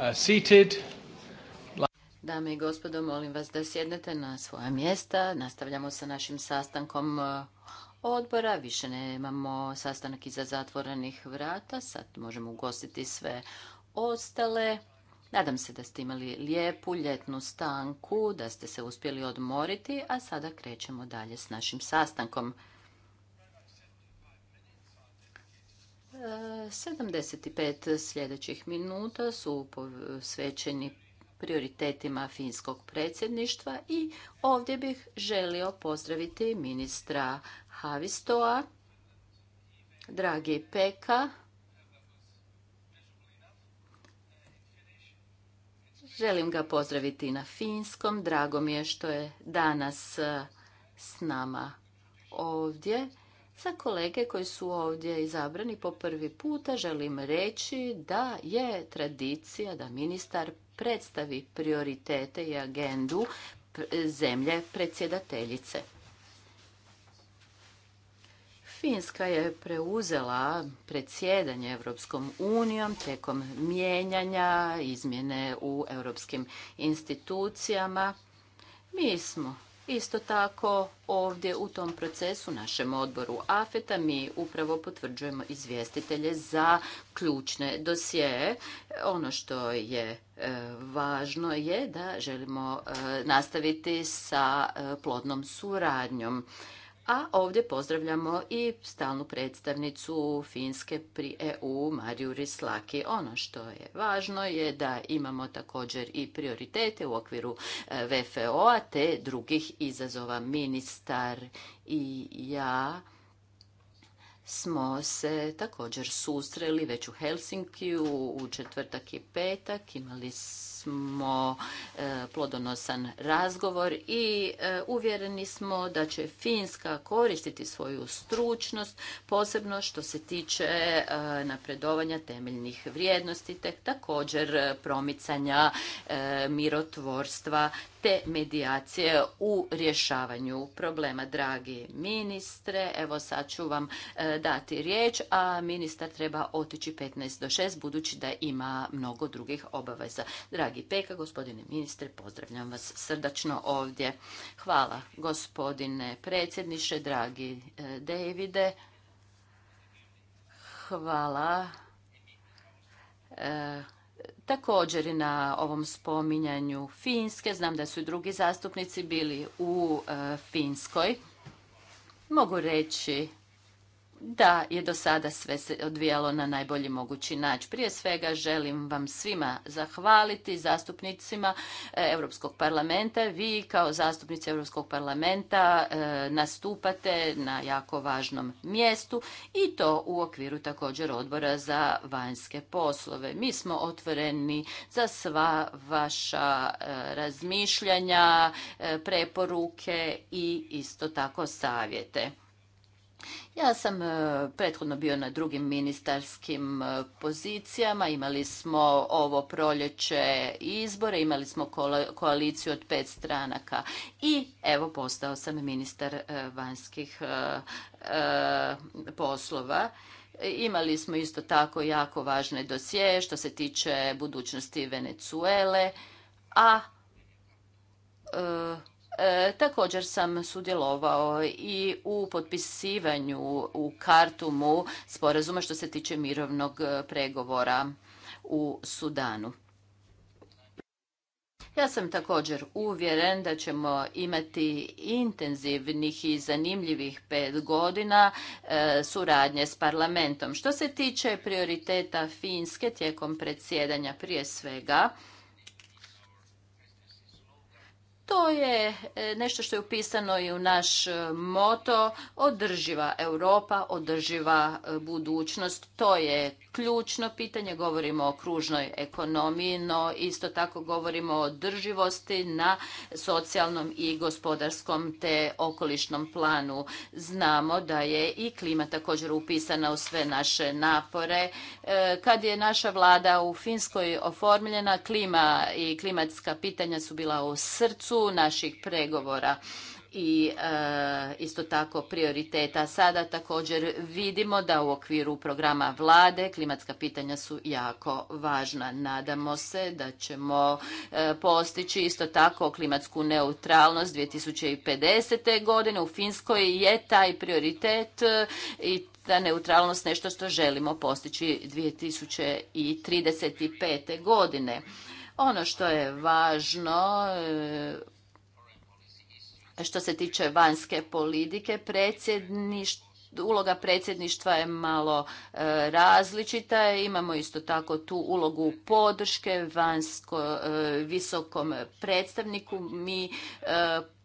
Uh, Dame i gospodo, molim vas da sjednete na svoja mjesta. Nastavljamo sa našim sastankom uh, odbora. Više nemamo sastanak iza zatvorenih vrata. Sad možemo ugostiti sve ostale. Nadam se da ste imali lijepu ljetnu stanku, da ste se uspjeli odmoriti, a sada krećemo dalje s našim sastankom. 75 sljedećih minuta su posvećeni prioritetima finskog predsjedništva i ovdje bih želio pozdraviti ministra Havistoa, dragi Peka. Želim ga pozdraviti na finskom. Drago mi je što je danas s nama ovdje. Za kolege koji su ovdje izabrani po prvi puta želim reći da je tradicija da ministar predstavi prioritete i agendu zemlje predsjedateljice. Finska je preuzela predsjedanje Europskom unijom tijekom mijenjanja, izmjene u europskim institucijama. Mi smo Isto tako ovdje u tom procesu našem odboru AFETA mi upravo potvrđujemo izvjestitelje za ključne dosije. Ono što je e, važno je da želimo e, nastaviti sa e, plodnom suradnjom a ovdje pozdravljamo i stalnu predstavnicu Finske pri EU, Mariju Rislaki. Ono što je važno je da imamo također i prioritete u okviru e, VFO-a te drugih izazova. Ministar i ja smo se također susreli već u Helsinkiju u četvrtak i petak. Imali smo e, plodonosan razgovor i e, uvjereni smo da će Finska koristiti svoju stručnost, posebno što se tiče e, napredovanja temeljnih vrijednosti, te također promicanja mirotvorstva te medijacije u rješavanju problema. Dragi ministre, evo sad ću vam dati riječ, a ministar treba otići 15 do 6, budući da ima mnogo drugih obaveza. Dragi Peka, gospodine ministre, pozdravljam vas srdačno ovdje. Hvala gospodine predsjedniče, dragi e, Davide. Hvala e, također i na ovom spominjanju Finske. Znam da su i drugi zastupnici bili u e, Finskoj. Mogu reći da je do sada sve se odvijalo na najbolji mogući način. Prije svega želim vam svima zahvaliti zastupnicima e, Europskog parlamenta. Vi kao zastupnici Europskog parlamenta e, nastupate na jako važnom mjestu i to u okviru također odbora za vanjske poslove. Mi smo otvoreni za sva vaša e, razmišljanja, preporuke i isto tako savjete. Ja sam e, prethodno bio na drugim ministarskim e, pozicijama, imali smo ovo proljeće izbore, imali smo koaliciju od pet stranaka i evo postao sam ministar e, vanjskih poslova. Imali smo isto tako jako važne dosije što se tiče budućnosti Venecuele, a E, također sam sudjelovao i u potpisivanju u Kartumu sporazuma što se tiče mirovnog e, pregovora u Sudanu. Ja sam također uvjeren da ćemo imati intenzivnih i zanimljivih pet godina e, suradnje s parlamentom. Što se tiče prioriteta Finske tijekom predsjedanja prije svega, to je e, nešto što je upisano i u naš e, moto održiva Europa, održiva e, budućnost. To je ključno pitanje. Govorimo o kružnoj ekonomiji, no isto tako govorimo o drživosti na socijalnom i gospodarskom te okolišnom planu. Znamo da je i klima također upisana u sve naše napore. E, kad je naša vlada u Finskoj oformljena, klima i klimatska pitanja su bila u srcu naših pregovora i eh, isto tako prioriteta. Sada također vidimo da u okviru programa vlade klimatska pitanja su jako važna. Nadamo se da ćemo eh, postići isto tako klimatsku neutralnost 2050. godine. U Finskoj je taj prioritet eh, i ta neutralnost nešto što želimo postići 2035. godine. Ono što je važno što se tiče vanjske politike, uloga predsjedništva je malo e, različita. Imamo isto tako tu ulogu podrške vanjsko e, visokom predstavniku. Mi e,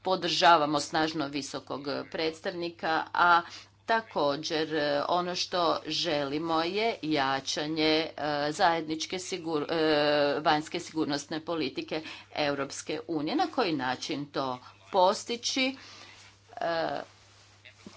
podržavamo snažno visokog predstavnika, a Također, ono što želimo je jačanje zajedničke vanjske sigurnosne politike Europske unije. Na koji način to postići e,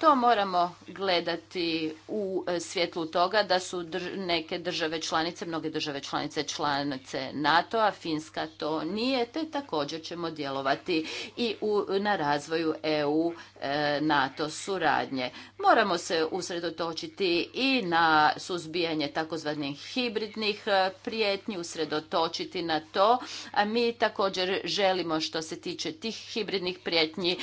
to moramo gledati u e, svjetlu toga da su neke države članice, mnoge države članice članice NATO-a, Finska to nije, te također ćemo djelovati i u, na razvoju EU e, NATO suradnje. Moramo se usredotočiti i na suzbijanje takozvanih hibridnih e, prijetnji, usredotočiti na to, a mi također želimo što se tiče tih hibridnih prijetnji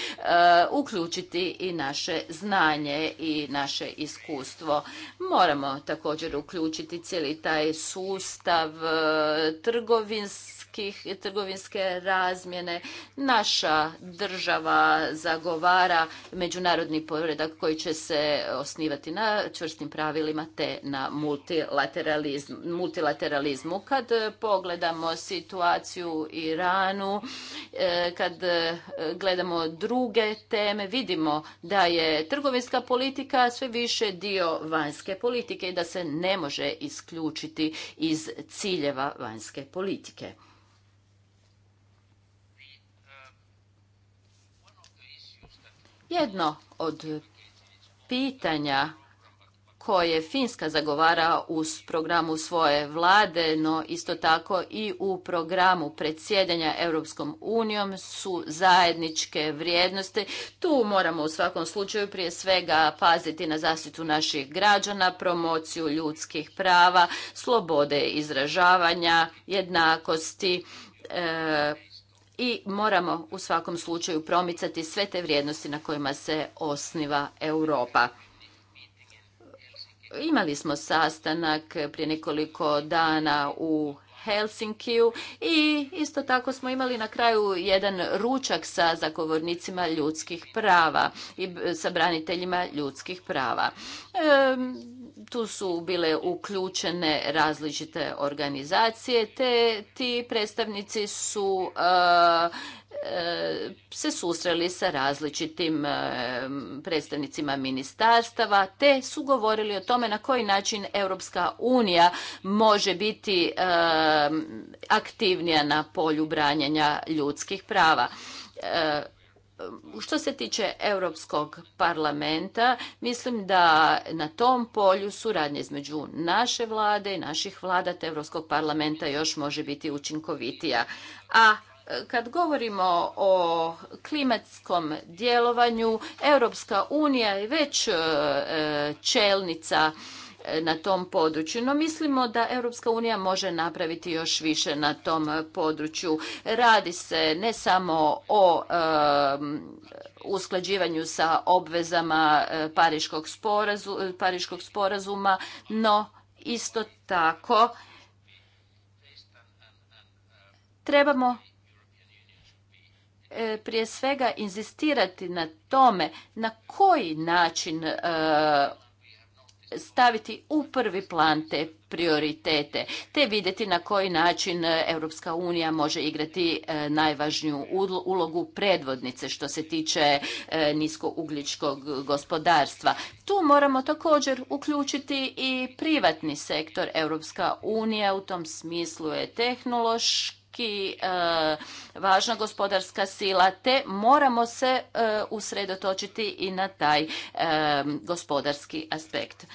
uključiti i naše znanje znanje i naše iskustvo. Moramo također uključiti cijeli taj sustav e, trgovins trgovinske razmjene. Naša država zagovara međunarodni poredak koji će se osnivati na čvrstim pravilima te na multilateralizmu. multilateralizmu. Kad pogledamo situaciju u Iranu, e, kad e, gledamo druge teme, vidimo da je trgovinska politika sve više dio vanjske politike i da se ne može isključiti iz ciljeva vanjske politike. Jedno od pitanja koje Finska zagovara u programu svoje vlade, no isto tako i u programu predsjedanja Europskom unijom su zajedničke vrijednosti. Tu moramo u svakom slučaju prije svega paziti na zaštitu naših građana, promociju ljudskih prava, slobode izražavanja, jednakosti, e, i moramo u svakom slučaju promicati sve te vrijednosti na kojima se osniva Europa. Imali smo sastanak prije nekoliko dana u Helsinkiju i isto tako smo imali na kraju jedan ručak sa zagovornicima ljudskih prava i sa braniteljima ljudskih prava tu su bile uključene različite organizacije, te ti predstavnici su e, e, se susreli sa različitim e, predstavnicima ministarstava te su govorili o tome na koji način Europska unija može biti aktivnija na polju branjenja ljudskih prava što se tiče Europskog parlamenta, mislim da na tom polju suradnje između naše vlade i naših vlada te Europskog parlamenta još može biti učinkovitija. A e, kad govorimo o klimatskom djelovanju, Europska unija je već e, e, čelnica na tom području. No mislimo da Europska unija može napraviti još više na tom području. Radi se ne samo o usklađivanju sa obvezama e, Pariškog, e, Pariškog sporazuma, no isto tako trebamo e, prije svega inzistirati na tome na koji način staviti u prvi plan te prioritete, te vidjeti na koji način e, Europska unija može igrati e, najvažniju ulogu predvodnice što se tiče e, niskougličkog gospodarstva. Tu moramo također uključiti i privatni sektor. Europska unija u tom smislu je tehnološki i e, važna gospodarska sila te moramo se e, usredotočiti i na taj e, gospodarski aspekt.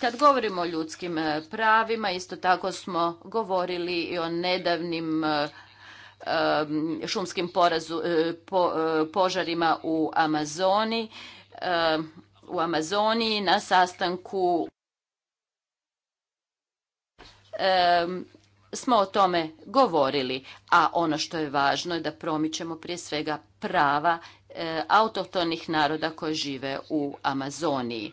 Kad govorimo o ljudskim pravima, isto tako smo govorili i o nedavnim šumskim porazu, požarima u Amazoni, u Amazoniji na sastanku smo o tome govorili, a ono što je važno je da promičemo prije svega prava e, autohtonih naroda koji žive u Amazoniji.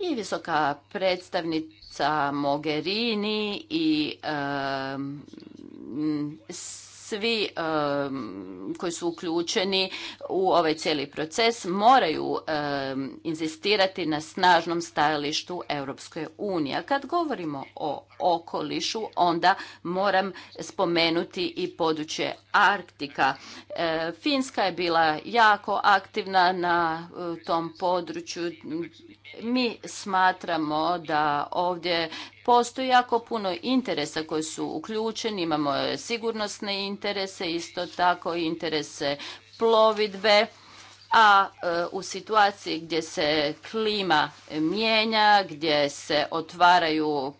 I visoka predstavnica Mogherini i eh, svi koji su uključeni u ovaj cijeli proces moraju inzistirati na snažnom stajalištu Europske unije. Kad govorimo o okolišu, onda moram spomenuti i područje Arktika. E, Finska je bila jako aktivna na e, tom području. Mi smatramo da ovdje Postoji jako puno interesa koji su uključeni, imamo sigurnosne interese, isto tako interese plovidbe, a e, u situaciji gdje se klima mijenja, gdje se otvaraju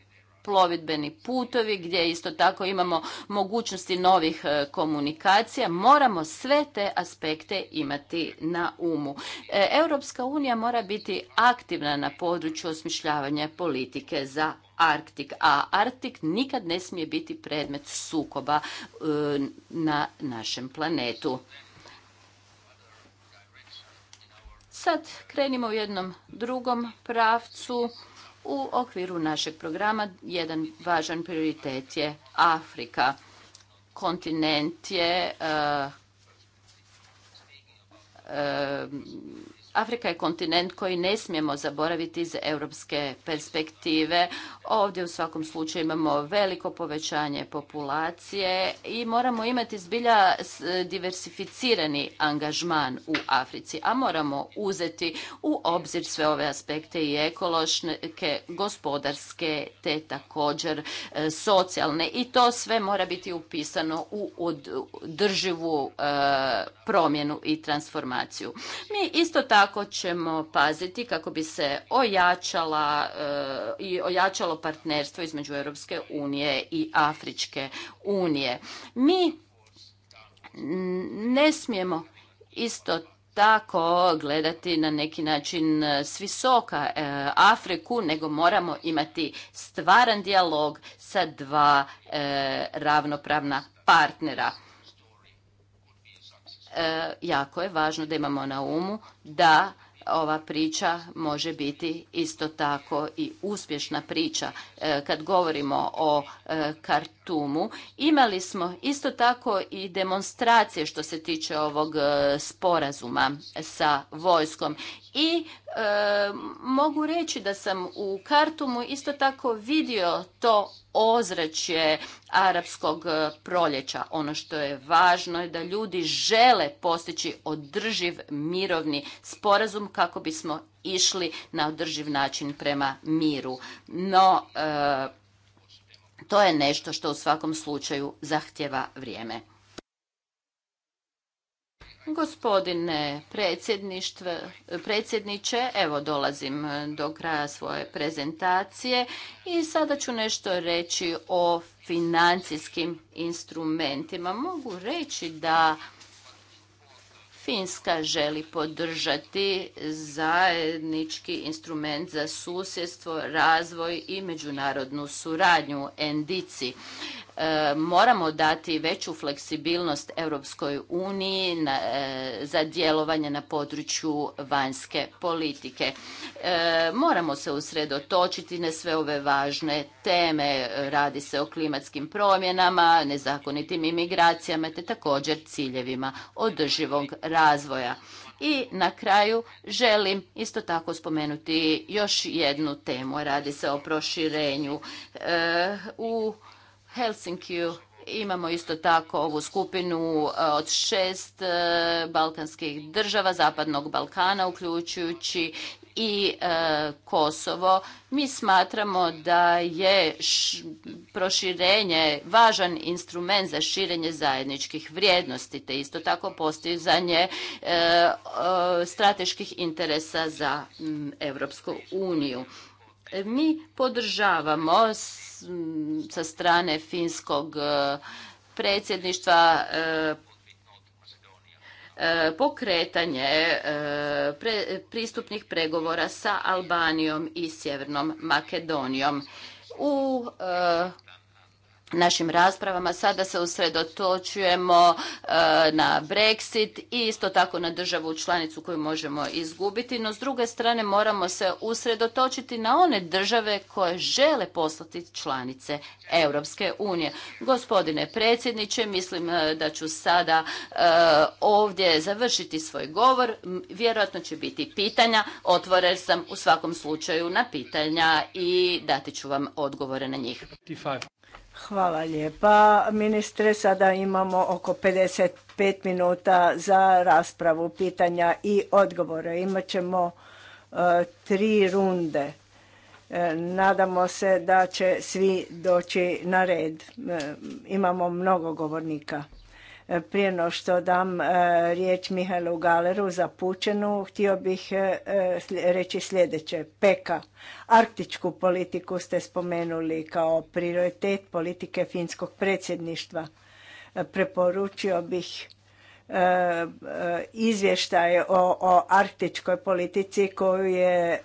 plovidbeni putovi gdje isto tako imamo mogućnosti novih e, komunikacija. Moramo sve te aspekte imati na umu. E, Europska unija mora biti aktivna na području osmišljavanja politike za Arktik, a Arktik nikad ne smije biti predmet sukoba e, na našem planetu. Sad krenimo u jednom drugom pravcu u okviru našeg programa jedan važan prioritet je Afrika. Kontinent je eh, eh, Afrika je kontinent koji ne smijemo zaboraviti iz europske perspektive. Ovdje u svakom slučaju imamo veliko povećanje populacije i moramo imati zbilja diversificirani angažman u Africi, a moramo uzeti u obzir sve ove aspekte i ekološke, gospodarske, te također e, socijalne i to sve mora biti upisano u održivu e, promjenu i transformaciju. Mi isto tako tako ćemo paziti kako bi se ojačala e, i ojačalo partnerstvo između Europske unije i Afričke unije. Mi ne smijemo isto tako gledati na neki način s visoka e, Afriku, nego moramo imati stvaran dijalog sa dva e, ravnopravna partnera. E, jako je važno da imamo na umu da ova priča može biti isto tako i uspješna priča e, kad govorimo o e, Kartumu. Imali smo isto tako i demonstracije što se tiče ovog sporazuma sa vojskom i e, mogu reći da sam u Kartumu isto tako vidio to ozračje arapskog e, proljeća. Ono što je važno je da ljudi žele postići održiv mirovni sporazum kako bismo išli na održiv način prema miru. No, e, to je nešto što u svakom slučaju zahtjeva vrijeme. Gospodine predsjedniče, evo dolazim do kraja svoje prezentacije i sada ću nešto reći o financijskim instrumentima. Mogu reći da Finska želi podržati zajednički instrument za susjedstvo, razvoj i međunarodnu suradnju, NDICI. E, moramo dati veću fleksibilnost Europskoj uniji e, za djelovanje na području vanjske politike. E, moramo se usredotočiti na sve ove važne teme. Radi se o klimatskim promjenama, nezakonitim imigracijama te također ciljevima održivog razvoja. I na kraju želim isto tako spomenuti još jednu temu. Radi se o proširenju. u Helsinki imamo isto tako ovu skupinu e, od šest e, balkanskih država, Zapadnog Balkana, uključujući i e, Kosovo. Mi smatramo da je proširenje važan instrument za širenje zajedničkih vrijednosti, te isto tako postizanje strateških interesa za m, uniju. Mi podržavamo sa strane finskog e, predsjedništva e, e, pokretanje pristupnih pregovora sa Albanijom i Sjevernom Makedonijom. U našim raspravama. Sada se usredotočujemo e, na Brexit i isto tako na državu članicu koju možemo izgubiti, no s druge strane moramo se usredotočiti na one države koje žele poslati članice Europske unije. Gospodine predsjedniče, mislim e, da ću sada e, ovdje završiti svoj govor. Vjerojatno će biti pitanja. Otvore sam u svakom slučaju na pitanja i dati ću vam odgovore na njih. Hvala lijepa. Ministre, sada imamo oko 55 minuta za raspravu pitanja i odgovore. Imaćemo e, tri runde. E, nadamo se da će svi doći na red. E, imamo mnogo govornika. Prije no što dam e, riječ Mihajlu Galeru za Pučenu, htio bih e, e, reći sljedeće. Peka, arktičku politiku ste spomenuli kao prioritet politike finskog predsjedništva. Preporučio bih izvještaj o, o arktičkoj politici koju je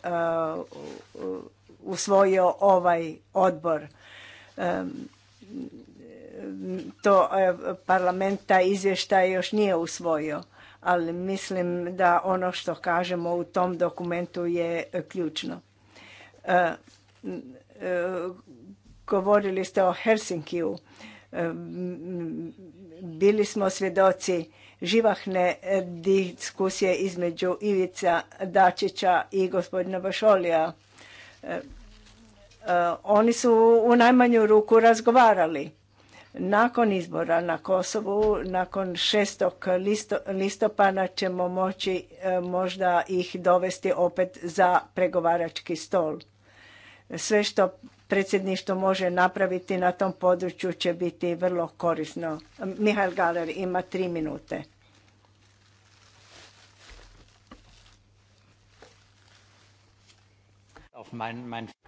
usvojio ovaj odbor to e, parlamenta taj izvještaj još nije usvojio, ali mislim da ono što kažemo u tom dokumentu je ključno. E, e, govorili ste o Helsinkiju. Bili smo svjedoci živahne diskusije između Ivica Dačića i gospodina Bašolija. Oni su u najmanju ruku razgovarali nakon izbora na Kosovu, nakon 6. listopada ćemo moći e, možda ih dovesti opet za pregovarački stol. Sve što predsjedništvo može napraviti na tom području će biti vrlo korisno. Mihael Galer ima tri minute.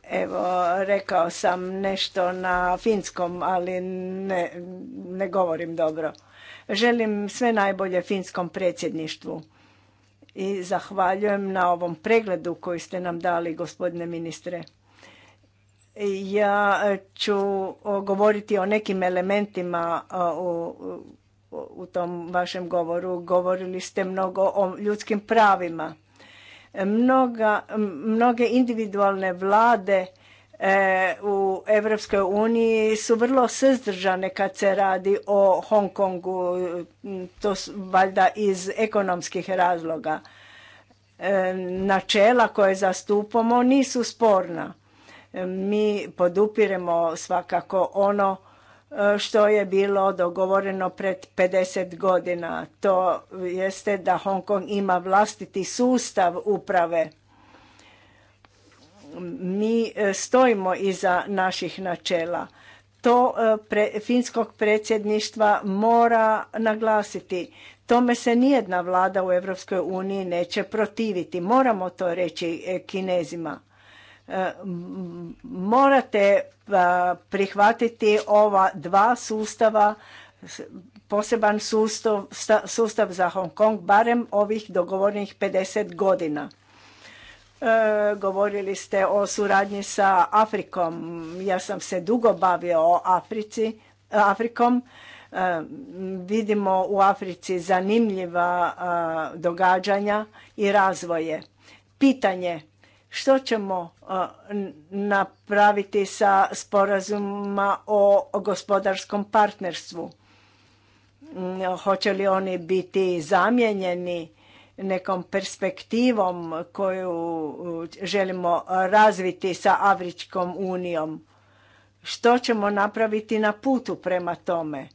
Evo, rekao sam nešto na finskom, ali ne, ne govorim dobro. Želim sve najbolje finskom predsjedništvu i zahvaljujem na ovom pregledu koji ste nam dali, gospodine ministre. Ja ću govoriti o nekim elementima u tom vašem govoru. Govorili ste mnogo o ljudskim pravima Mnoga, mnoge individualne vlade e, u Europskoj uniji su vrlo suzdržane kad se radi o Hong Kongu, to su valjda iz ekonomskih razloga. E, načela koje zastupamo nisu sporna. E, mi podupiremo svakako ono što je bilo dogovoreno pred 50 godina. To jeste da Hong Kong ima vlastiti sustav uprave. Mi e, stojimo iza naših načela. To e, finskog predsjedništva mora naglasiti. Tome se nijedna vlada u EU neće protiviti. Moramo to reći e, kinezima. E, morate e, prihvatiti ova dva sustava, poseban sustav, za Hong Kong, barem ovih dogovornih 50 godina. E, govorili ste o suradnji sa Afrikom. Ja sam se dugo bavio o Africi, Afrikom. Vidimo u Africi zanimljiva događanja i razvoje. Pitanje što ćemo napraviti sa sporazuma o gospodarskom partnerstvu? Hoće li oni biti zamijenjeni nekom perspektivom koju želimo razviti sa Afričkom unijom? Što ćemo napraviti na putu prema tome?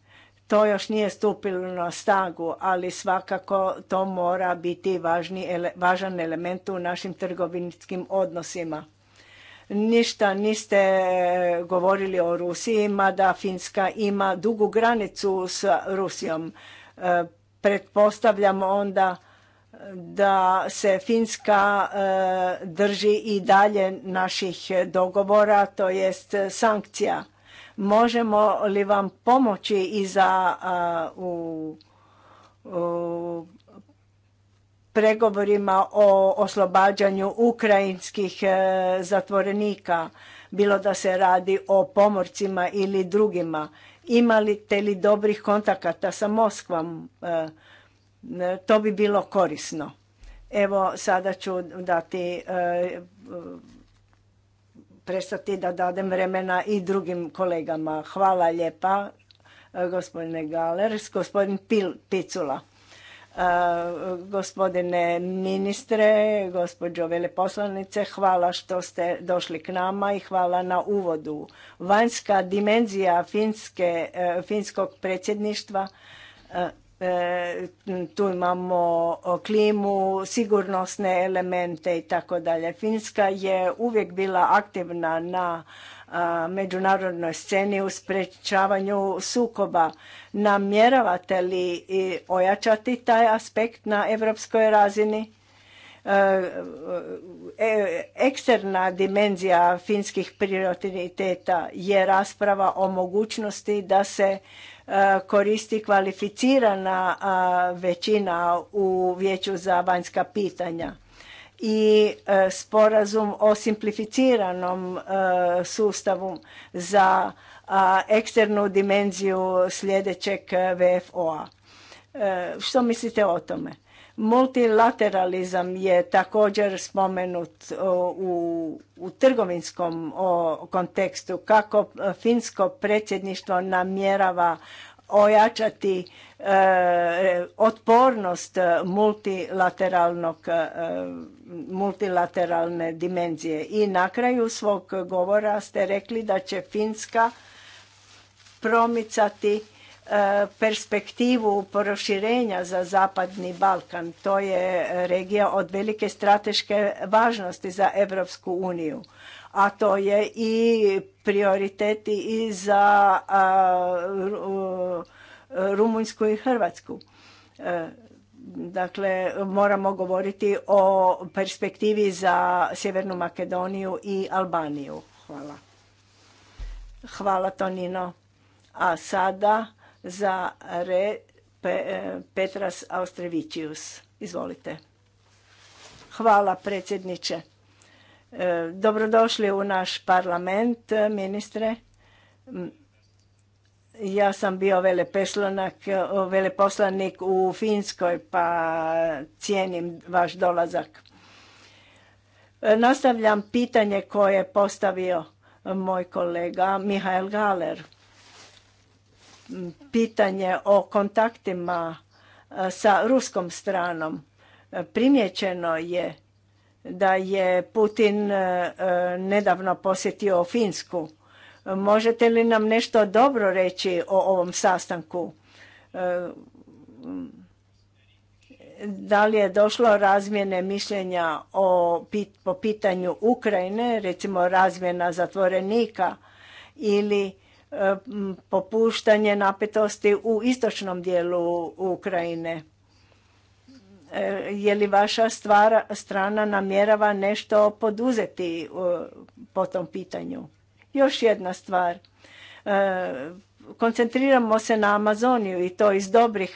To još nije stupilo na stagu, ali svakako to mora biti važni, važan element u našim trgovinskim odnosima. Ništa niste govorili o Rusiji, mada Finska ima dugu granicu s Rusijom. E, pretpostavljam onda da se Finska e, drži i dalje naših dogovora, to jest sankcija Možemo li vam pomoći i za u, u pregovorima o oslobađanju ukrajinskih e, zatvorenika, bilo da se radi o pomorcima ili drugima. Imate li dobrih kontakata sa Moskvom? E, to bi bilo korisno. Evo sada ću dati e, prestati da dadem vremena i drugim kolegama. Hvala lijepa e, gospodine Galer, gospodin Pil, Picula. E, gospodine ministre, gospođo veleposlanice, hvala što ste došli k nama i hvala na uvodu. Vanjska dimenzija finske, e, finskog predsjedništva uh, E, tu imamo klimu, sigurnosne elemente i tako dalje. Finska je uvijek bila aktivna na međunarodnoj sceni u sprečavanju sukoba. Namjeravate li ojačati taj aspekt na evropskoj razini? E, e, eksterna dimenzija finskih prioriteta je rasprava o mogućnosti da se E, koristi kvalificirana većina u vijeću za vanjska pitanja i e, sporazum o simplificiranom e, sustavu za eksternu dimenziju sljedećeg VFO-a. Što mislite o tome? Multilateralizam je također spomenut u, u trgovinskom kontekstu kako e, finsko predsjedništvo namjerava ojačati e, otpornost multilateralnog, e, multilateralne dimenzije. I na kraju svog govora ste rekli da će Finska promicati E, perspektivu proširenja za Zapadni Balkan. To je regija od velike strateške važnosti za Europsku uniju. A to je i prioriteti i za Rumunjsku i Hrvatsku. E, dakle, moramo govoriti o perspektivi za Sjevernu Makedoniju i Albaniju. Hvala. Hvala Tonino. A sada za Re e, Petras Izvolite. Hvala predsjedniče. E, dobrodošli u naš parlament, e, ministre. Ja sam bio veleposlanik u Finskoj, pa cijenim vaš dolazak. Nastavljam pitanje koje je postavio moj kolega Mihael Galer pitanje o kontaktima e, sa ruskom stranom. E, primjećeno je da je Putin e, nedavno posjetio Finsku. Možete li nam nešto dobro reći o ovom sastanku? Da li je došlo razmjene mišljenja o, po pitanju Ukrajine, recimo razmjena zatvorenika ili popuštanje napetosti u istočnom dijelu Ukrajine. E, je li vaša stvara, strana namjerava nešto poduzeti e, po tom pitanju? Još jedna stvar. E, koncentriramo se na Amazoniju i to iz dobrih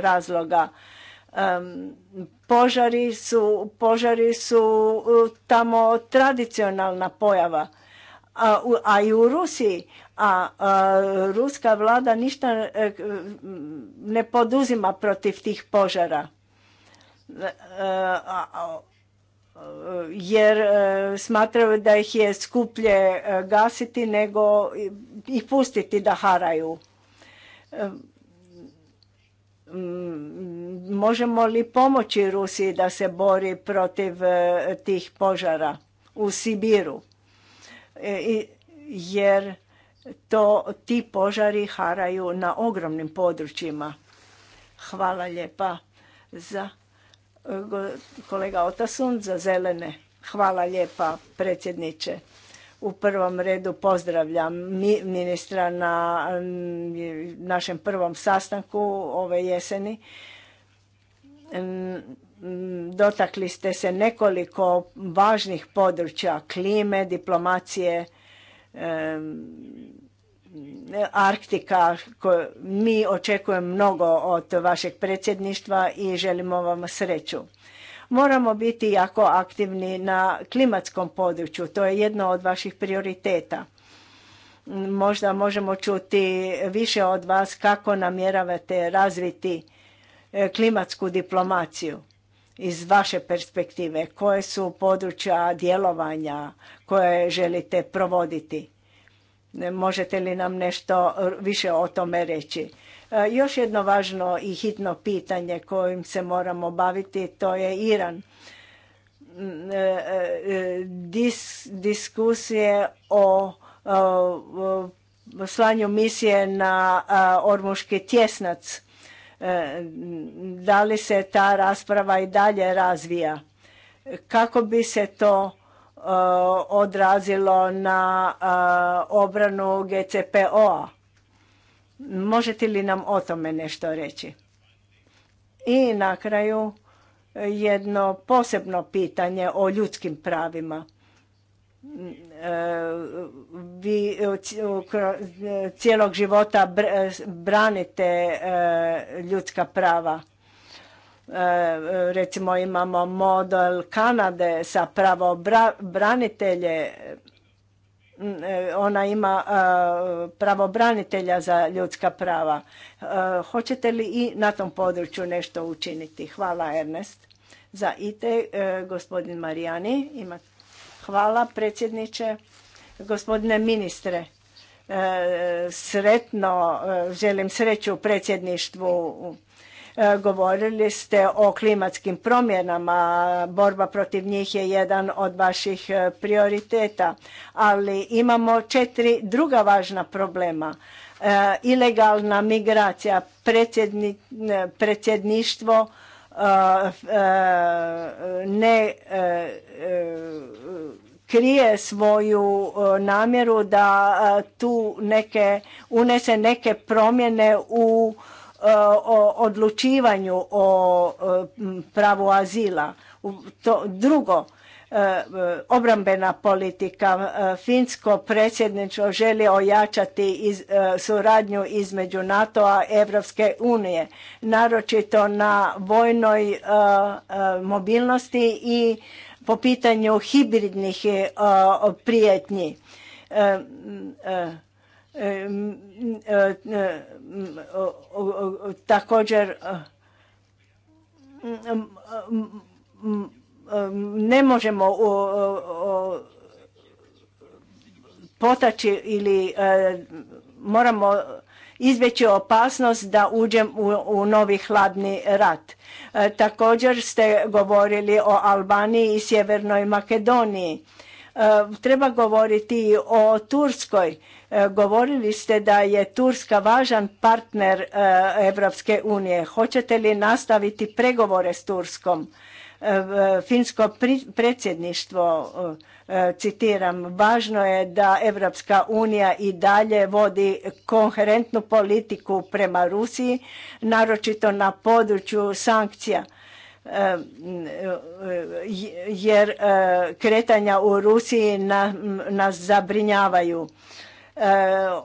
razloga. Požari su, požari su tamo tradicionalna pojava a, i u Rusiji, a, ruska vlada ništa e, ne poduzima protiv tih požara. E, jer e, smatraju da ih je skuplje gasiti nego ih pustiti da haraju. Možemo li pomoći Rusiji da se bori protiv tih požara u Sibiru? E, jer to ti požari haraju na ogromnim područjima. Hvala lijepa za e, kolega Otasun za zelene. Hvala lijepa predsjedniče. U prvom redu pozdravljam ministra na našem prvom sastanku ove jeseni Mm, dotakli ste se nekoliko važnih područja klime, diplomacije, Arktika. Mi očekujemo mnogo od vašeg predsjedništva i želimo vam sreću. Moramo biti jako aktivni na klimatskom području. To je jedno od vaših prioriteta. Možda možemo čuti više od vas kako namjeravate razviti e, klimatsku diplomaciju iz vaše perspektive koje su područja djelovanja koje želite provoditi možete li nam nešto više o tome reći e, još jedno važno i hitno pitanje kojim se moramo baviti to je Iran mm, e, e, diskusije o, o slanju misije na Ormuški tjesnac E, da li se ta rasprava i dalje razvija? Kako bi se to e, odrazilo na e, obranu GCPO-a? Možete li nam o tome nešto reći? I na kraju jedno posebno pitanje o ljudskim pravima vi cijelog života branite e, ljudska prava. E, recimo imamo model Kanade sa pravobranitelje. Mm, e, ona ima pravobranitelja za ljudska prava. Hoćete li i na tom području nešto učiniti? Hvala Ernest. Za IT, gospodin Marijani, imate Hvala predsjedniče, gospodine ministre. E, sretno, e, želim sreću predsjedništvu. E, govorili ste o klimatskim promjenama, borba protiv njih je jedan od vaših prioriteta, ali imamo četiri druga važna problema. Ilegalna migracija, predsjedništvo ne krije svoju e, namjeru da e, tu neke unese neke promjene u e, odlučivanju o pravu azila. To, drugo, E, obrambena politika. E, Finsko predsjedništvo želi ojačati e, suradnju između NATO-a i Evropske unije, naročito na vojnoj mobilnosti i po pitanju hibridnih prijetnji također Um, ne možemo potaći ili uh, moramo izbjeći opasnost da uđem u, novi hladni rat. Uh, također ste govorili o Albaniji i Sjevernoj Makedoniji. Uh, treba govoriti i o Turskoj. govorili ste da je Turska važan partner Europske unije. Hoćete li nastaviti pregovore s Turskom? Finsko predsjedništvo, e, citiram, važno je da Evropska unija i dalje vodi koherentnu politiku prema Rusiji, naročito na području sankcija e, jer e, kretanja u Rusiji nas zabrinjavaju.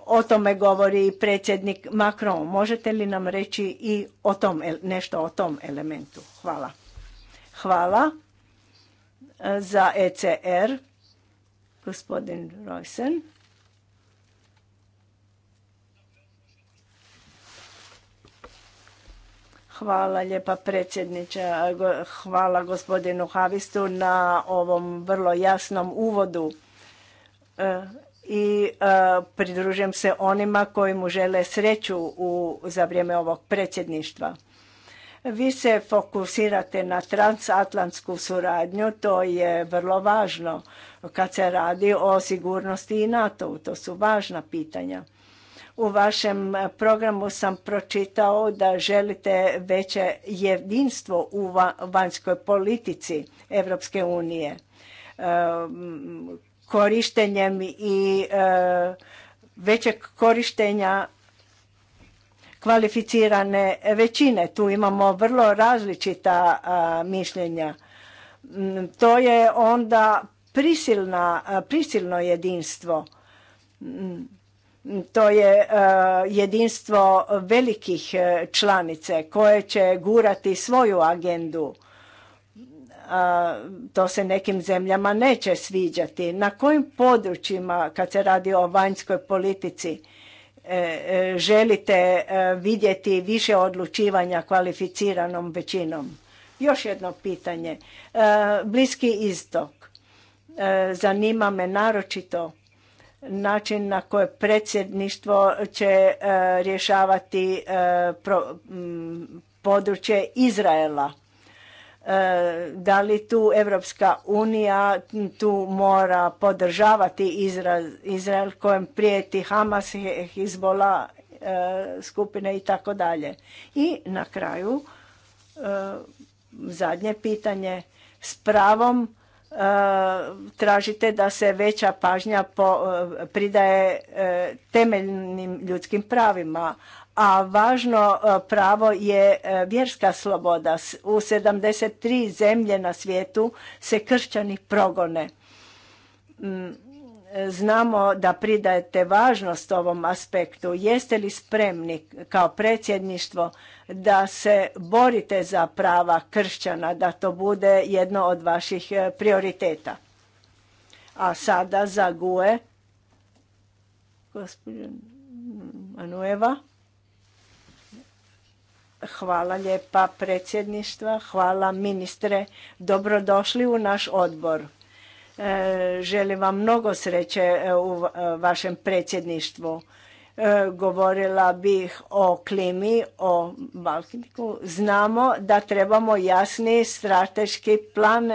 O tome govori i predsjednik Macron. Možete li nam reći i o tom, nešto o tom elementu? Hvala. Hvala eh, za ECR, gospodin Rojsen. Hvala lijepa predsjedniče, hvala gospodinu Havistu na ovom vrlo jasnom uvodu eh, i eh, pridružujem se onima koji mu žele sreću za vrijeme ovog predsjedništva. Vi se fokusirate na transatlantsku suradnju, to je vrlo važno kad se radi o sigurnosti i NATO-u, to su važna pitanja. U vašem programu sam pročitao da želite veće jedinstvo u vanjskoj politici Europske unije e, korištenjem i e, većeg korištenja kvalificirane većine. Tu imamo vrlo različita mišljenja. Mm, to je onda prisilna, prisilno jedinstvo. Mm, to je jedinstvo velikih e, članice koje će gurati svoju agendu. to se nekim zemljama neće sviđati. Na kojim područjima, kad se radi o vanjskoj politici, E, e, želite e, vidjeti više odlučivanja kvalificiranom većinom. Još jedno pitanje. Bliski istok. Zanima me naročito način na koje predsjedništvo će rješavati područje Izraela da li tu Evropska unija tu mora podržavati Izrael, kojem prijeti Hamas, Hezbollah, e, skupine i tako dalje. I na kraju e, zadnje pitanje s pravom e, tražite da se veća pažnja pridaje temeljnim ljudskim pravima, a važno e, pravo je e, vjerska sloboda. U 73 zemlje na svijetu se kršćani progone. Mm, e, znamo da pridajete važnost ovom aspektu. Jeste li spremni kao predsjedništvo da se borite za prava kršćana, da to bude jedno od vaših prioriteta? A sada za GUE. Gospodin Manueva. Hvala lijepa predsjedništva, hvala ministre, dobrodošli u naš odbor. E, želim vam mnogo sreće e, u e, vašem predsjedništvu. Govorila bih o klimi, o Baltiku. Znamo da trebamo jasni strateški plan,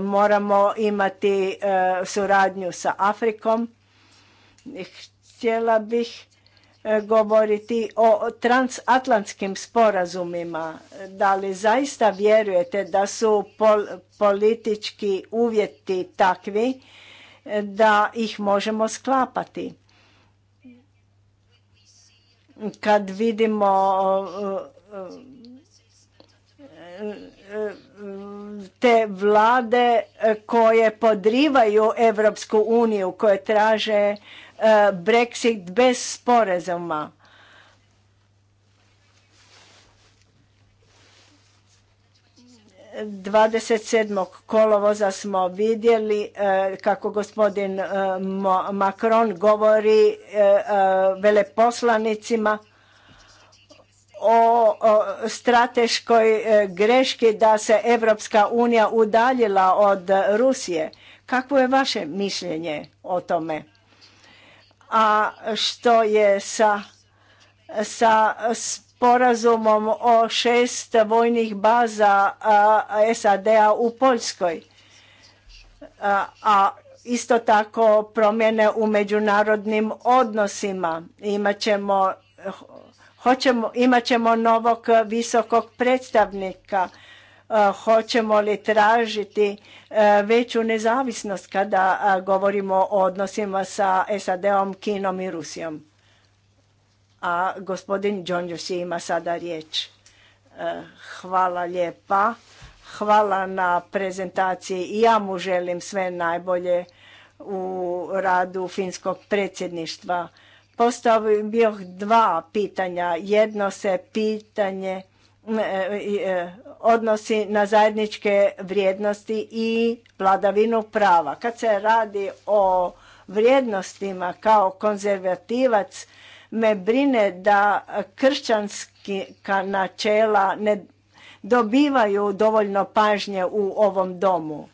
moramo imati suradnju sa Afrikom. Htjela bih E, govoriti o transatlantskim sporazumima. Da li zaista vjerujete da su politički uvjeti takvi e, da ih možemo sklapati? Kad vidimo e, te vlade koje podrivaju Evropsku uniju, koje traže E, Brexit bez sporazuma. dvadeset sedam kolovoza smo vidjeli e, kako gospodin e, Macron govori veleposlanicima o strateškoj greški da se Evropska unija udaljila od Rusije. Kakvo je vaše mišljenje o tome? a što je sa, sa sporazumom o šest vojnih baza SAD-a u Poljskoj. A, a isto tako promjene u međunarodnim odnosima. Imat ćemo, hoćemo, imat ćemo novog visokog predstavnika Eh, hoćemo li tražiti eh, veću nezavisnost kada eh, govorimo o odnosima sa SAD-om, Kinom i Rusijom. A gospodin Đonđus ima sada riječ. Hvala lijepa. Hvala na prezentaciji ja mu želim sve najbolje u radu finskog predsjedništva. Postavio bih dva pitanja. Jedno se pitanje E, e, odnosi na zajedničke vrijednosti i vladavinu prava. Kad se radi o vrijednostima kao konzervativac me brine da kršćanska načela ne dobivaju dovoljno pažnje u ovom domu.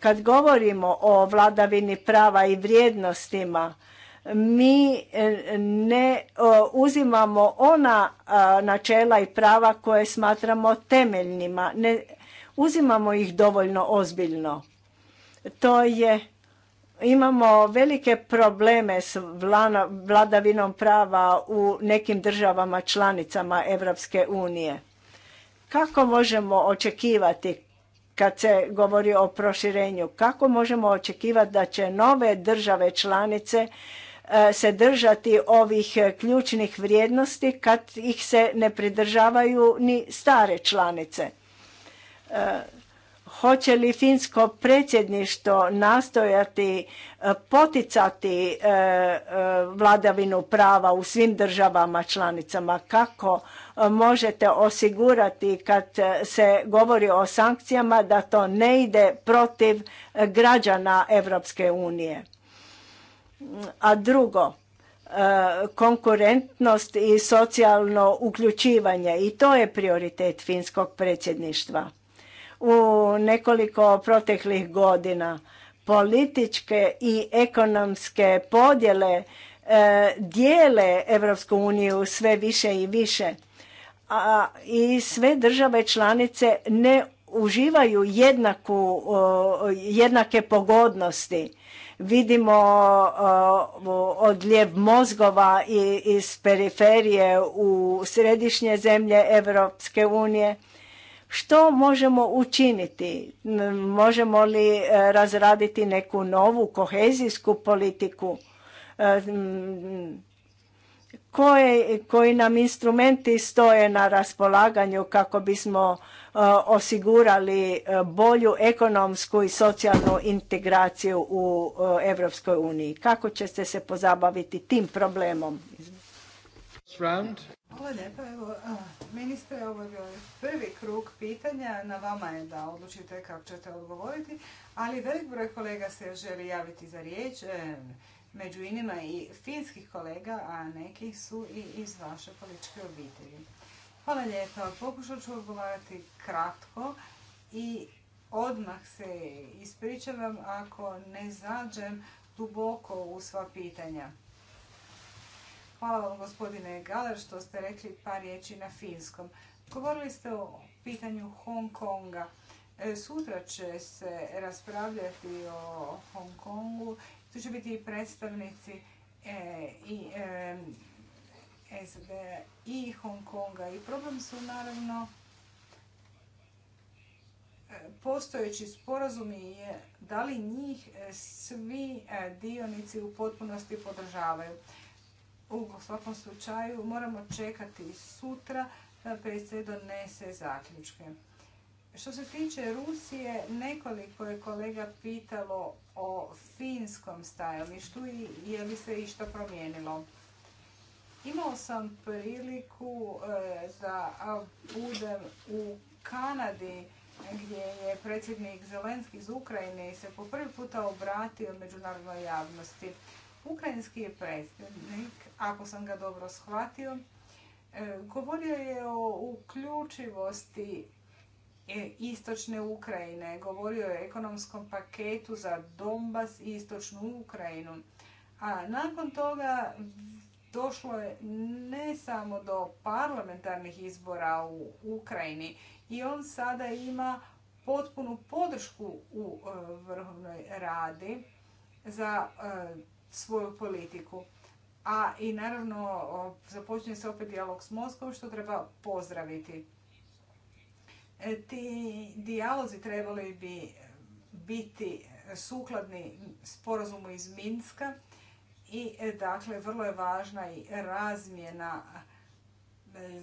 Kad govorimo o vladavini prava i vrijednostima, mi e, ne uzimamo ona načela i prava koje smatramo temeljnima. Ne uzimamo ih dovoljno ozbiljno. To je imamo velike probleme s vladavinom prava u nekim državama članicama Europske unije. Kako možemo očekivati kad se govori o proširenju, kako možemo očekivati da će nove države članice E, se držati ovih e, ključnih vrijednosti kad ih se ne pridržavaju ni stare članice. E, hoće li finsko predsjedništvo nastojati poticati vladavinu prava u svim državama članicama? Kako možete osigurati kad se govori o sankcijama da to ne ide protiv građana Europske unije? A drugo, e, konkurentnost i socijalno uključivanje i to je prioritet finskog predsjedništva. U nekoliko proteklih godina političke i ekonomske podjele e, dijele Europsku uniju sve više i više a i sve države članice ne uživaju jednaku, jednake pogodnosti Vidimo uh, odljev mozgova i iz periferije u središnje zemlje Europske unije. Što možemo učiniti? Možemo li uh, razraditi neku novu kohezijsku politiku? Uh, koji nam instrumenti stoje na raspolaganju kako bismo Eh, osigurali eh, bolju ekonomsku i socijalnu integraciju u Europskoj eh, uniji. Kako ćete se pozabaviti tim problemom? Hvala lijepa. ministre, ovo je prvi krug pitanja. Na vama je da odlučite kako ćete odgovoriti, ali velik broj kolega se želi javiti za riječ, e, među inima i finskih kolega, a neki su i iz vaše političke obitelji. Hvala lijepa. Pokušat ću odgovarati kratko i odmah se ispričavam ako ne zađem duboko u sva pitanja. Hvala vam gospodine Galer što ste rekli par riječi na finskom. Govorili ste o pitanju Hong Konga. E, sutra će se raspravljati o Hong Kongu. Tu će biti i predstavnici e, i e, SAD i Hong Konga. I problem su naravno e, postojeći sporazumi je da li njih e, svi e, dionici u potpunosti podržavaju. U svakom slučaju moramo čekati sutra da sve donese zaključke. Što se tiče Rusije, nekoliko je kolega pitalo o finskom stajalištu i je li se išta promijenilo. Imao sam priliku e, da budem u Kanadi gdje je predsjednik Zelenski iz Ukrajine se po prvi puta obratio međunarodnoj javnosti. Ukrajinski je predsjednik, ako sam ga dobro shvatio, e, govorio je o uključivosti e, istočne Ukrajine, govorio je o ekonomskom paketu za Donbas i istočnu Ukrajinu. A nakon toga došlo je ne samo do parlamentarnih izbora u Ukrajini i on sada ima potpunu podršku u e, Vrhovnoj radi za e, svoju politiku. A i naravno započinje se opet dijalog s Moskvom što treba pozdraviti. E, ti dijalozi trebali bi biti sukladni sporazumu iz Minska i e, dakle, vrlo je važna i razmjena e, e,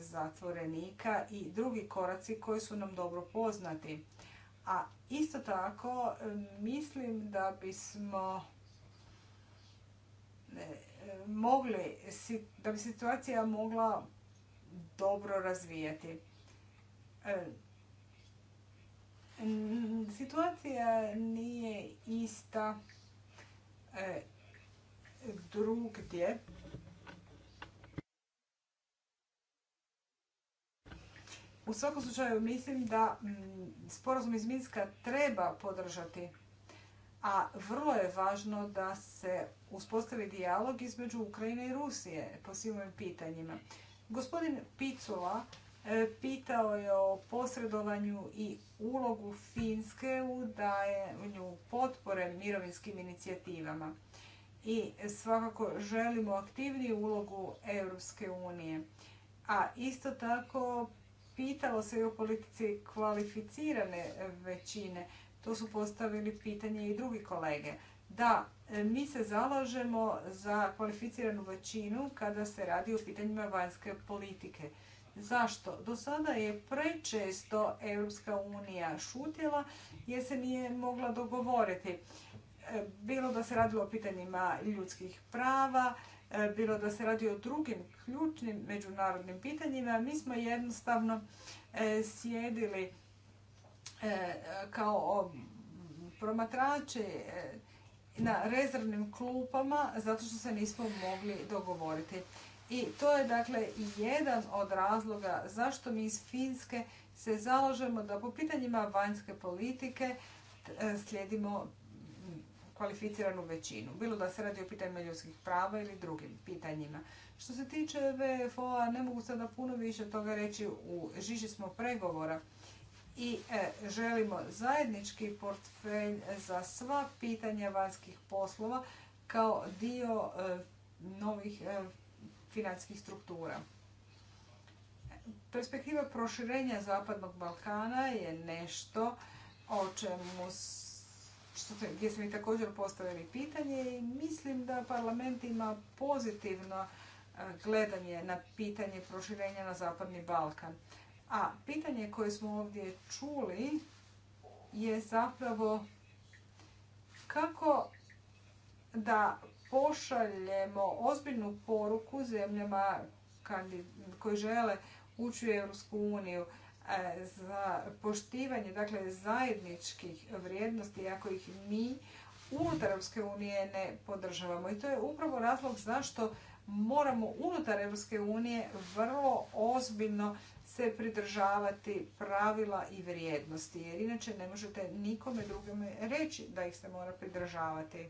zatvorenika i drugi koraci koji su nam dobro poznati. A isto tako mislim da bismo mogli, da bi situacija mogla dobro razvijati. Situacija nije ista drugdje. U svakom slučaju mislim da mm, sporazum iz Minska treba podržati, a vrlo je važno da se uspostavi dijalog između Ukrajine i Rusije po svim ovim pitanjima. Gospodin Picula e, pitao je o posredovanju i ulogu Finske u nju potpore mirovinskim inicijativama i svakako želimo aktivniju ulogu Europske unije. A isto tako pitalo se i o politici kvalificirane većine. To su postavili pitanje i drugi kolege. Da, mi se zalažemo za kvalificiranu većinu kada se radi o pitanjima vanjske politike. Zašto? Do sada je prečesto Europska unija šutjela jer se nije mogla dogovoriti. E, bilo da se radi o pitanjima ljudskih prava, e, bilo da se radi o drugim ključnim međunarodnim pitanjima, mi smo jednostavno e, sjedili kao promatrači na rezervnim klupama zato što se nismo mogli dogovoriti. I to je dakle jedan od razloga zašto mi iz Finske se zalažemo da po pitanjima vanjske politike slijedimo kvalificiranu većinu, bilo da se radi o pitanjima ljudskih prava ili drugim pitanjima. Što se tiče VFO-a, ne mogu sada puno više toga reći, u žiži smo pregovora i e, želimo zajednički portfelj za sva pitanja vanjskih poslova kao dio e, novih e, financijskih struktura. Perspektiva proširenja Zapadnog Balkana je nešto o čemu gdje smo i također postavili pitanje i mislim da parlament ima pozitivno e, gledanje na pitanje proširenja na Zapadni Balkan. A pitanje koje smo ovdje čuli je zapravo kako da pošaljemo ozbiljnu poruku zemljama koji žele ući u Europsku uniju E, za poštivanje dakle, zajedničkih vrijednosti ako ih mi unutar Europske unije ne podržavamo. I to je upravo razlog zašto moramo unutar Europske unije vrlo ozbiljno se pridržavati pravila i vrijednosti, jer inače ne možete nikome drugome reći da ih se mora pridržavati.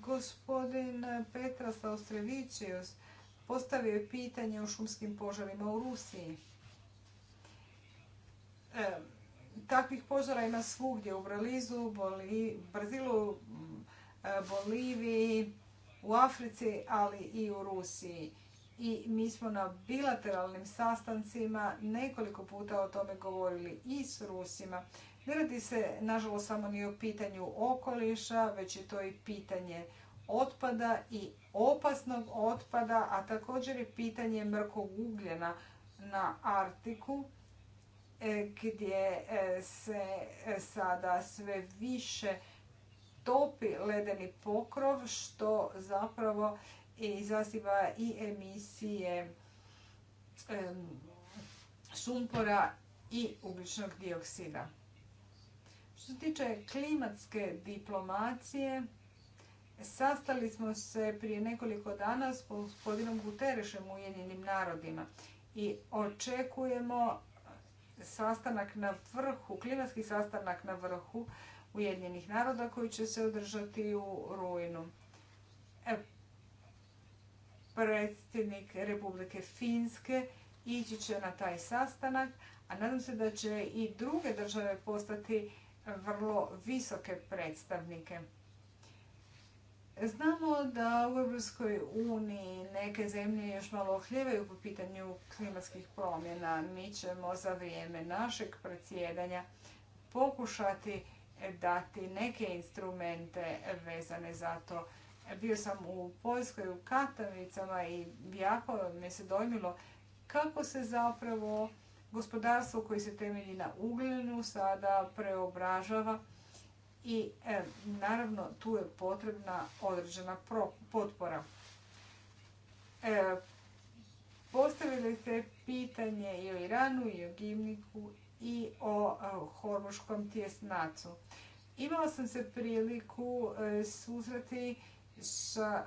Gospodin Petra Saustrevićius postavio je pitanje o šumskim požarima u Rusiji. E, takvih požara ima svugdje u Bralizu, u Brazilu, e, Boliviji, u Africi, ali i u Rusiji. I mi smo na bilateralnim sastancima nekoliko puta o tome govorili i s Rusima ne radi se, nažalost, samo ni o pitanju okoliša, već je to i pitanje otpada i opasnog otpada, a također i pitanje mrkog ugljena na Artiku, e, gdje e, se e, sada sve više topi ledeni pokrov, što zapravo izaziva i emisije sumpora i ugljičnog dioksida. Što se tiče klimatske diplomacije, sastali smo se prije nekoliko dana s gospodinom Guterešem u Jedinim narodima i očekujemo sastanak na vrhu, klimatski sastanak na vrhu Ujedinjenih naroda koji će se održati u rujnu. E, predsjednik Republike Finske ići će na taj sastanak, a nadam se da će i druge države postati vrlo visoke predstavnike. Znamo da u Europskoj uniji neke zemlje još malo ohljevaju po pitanju klimatskih promjena. Mi ćemo za vrijeme našeg predsjedanja pokušati dati neke instrumente vezane za to. Bio sam u Poljskoj u Katavicama i jako mi se dojmilo kako se zapravo Gospodarstvo koje se temelji na ugljenu sada preobražava i e, naravno tu je potrebna određena potpora. E, postavili ste pitanje i o Iranu, i o Gimniku, i o e, horvoškom tjesnacu. Imala sam se priliku susreti sa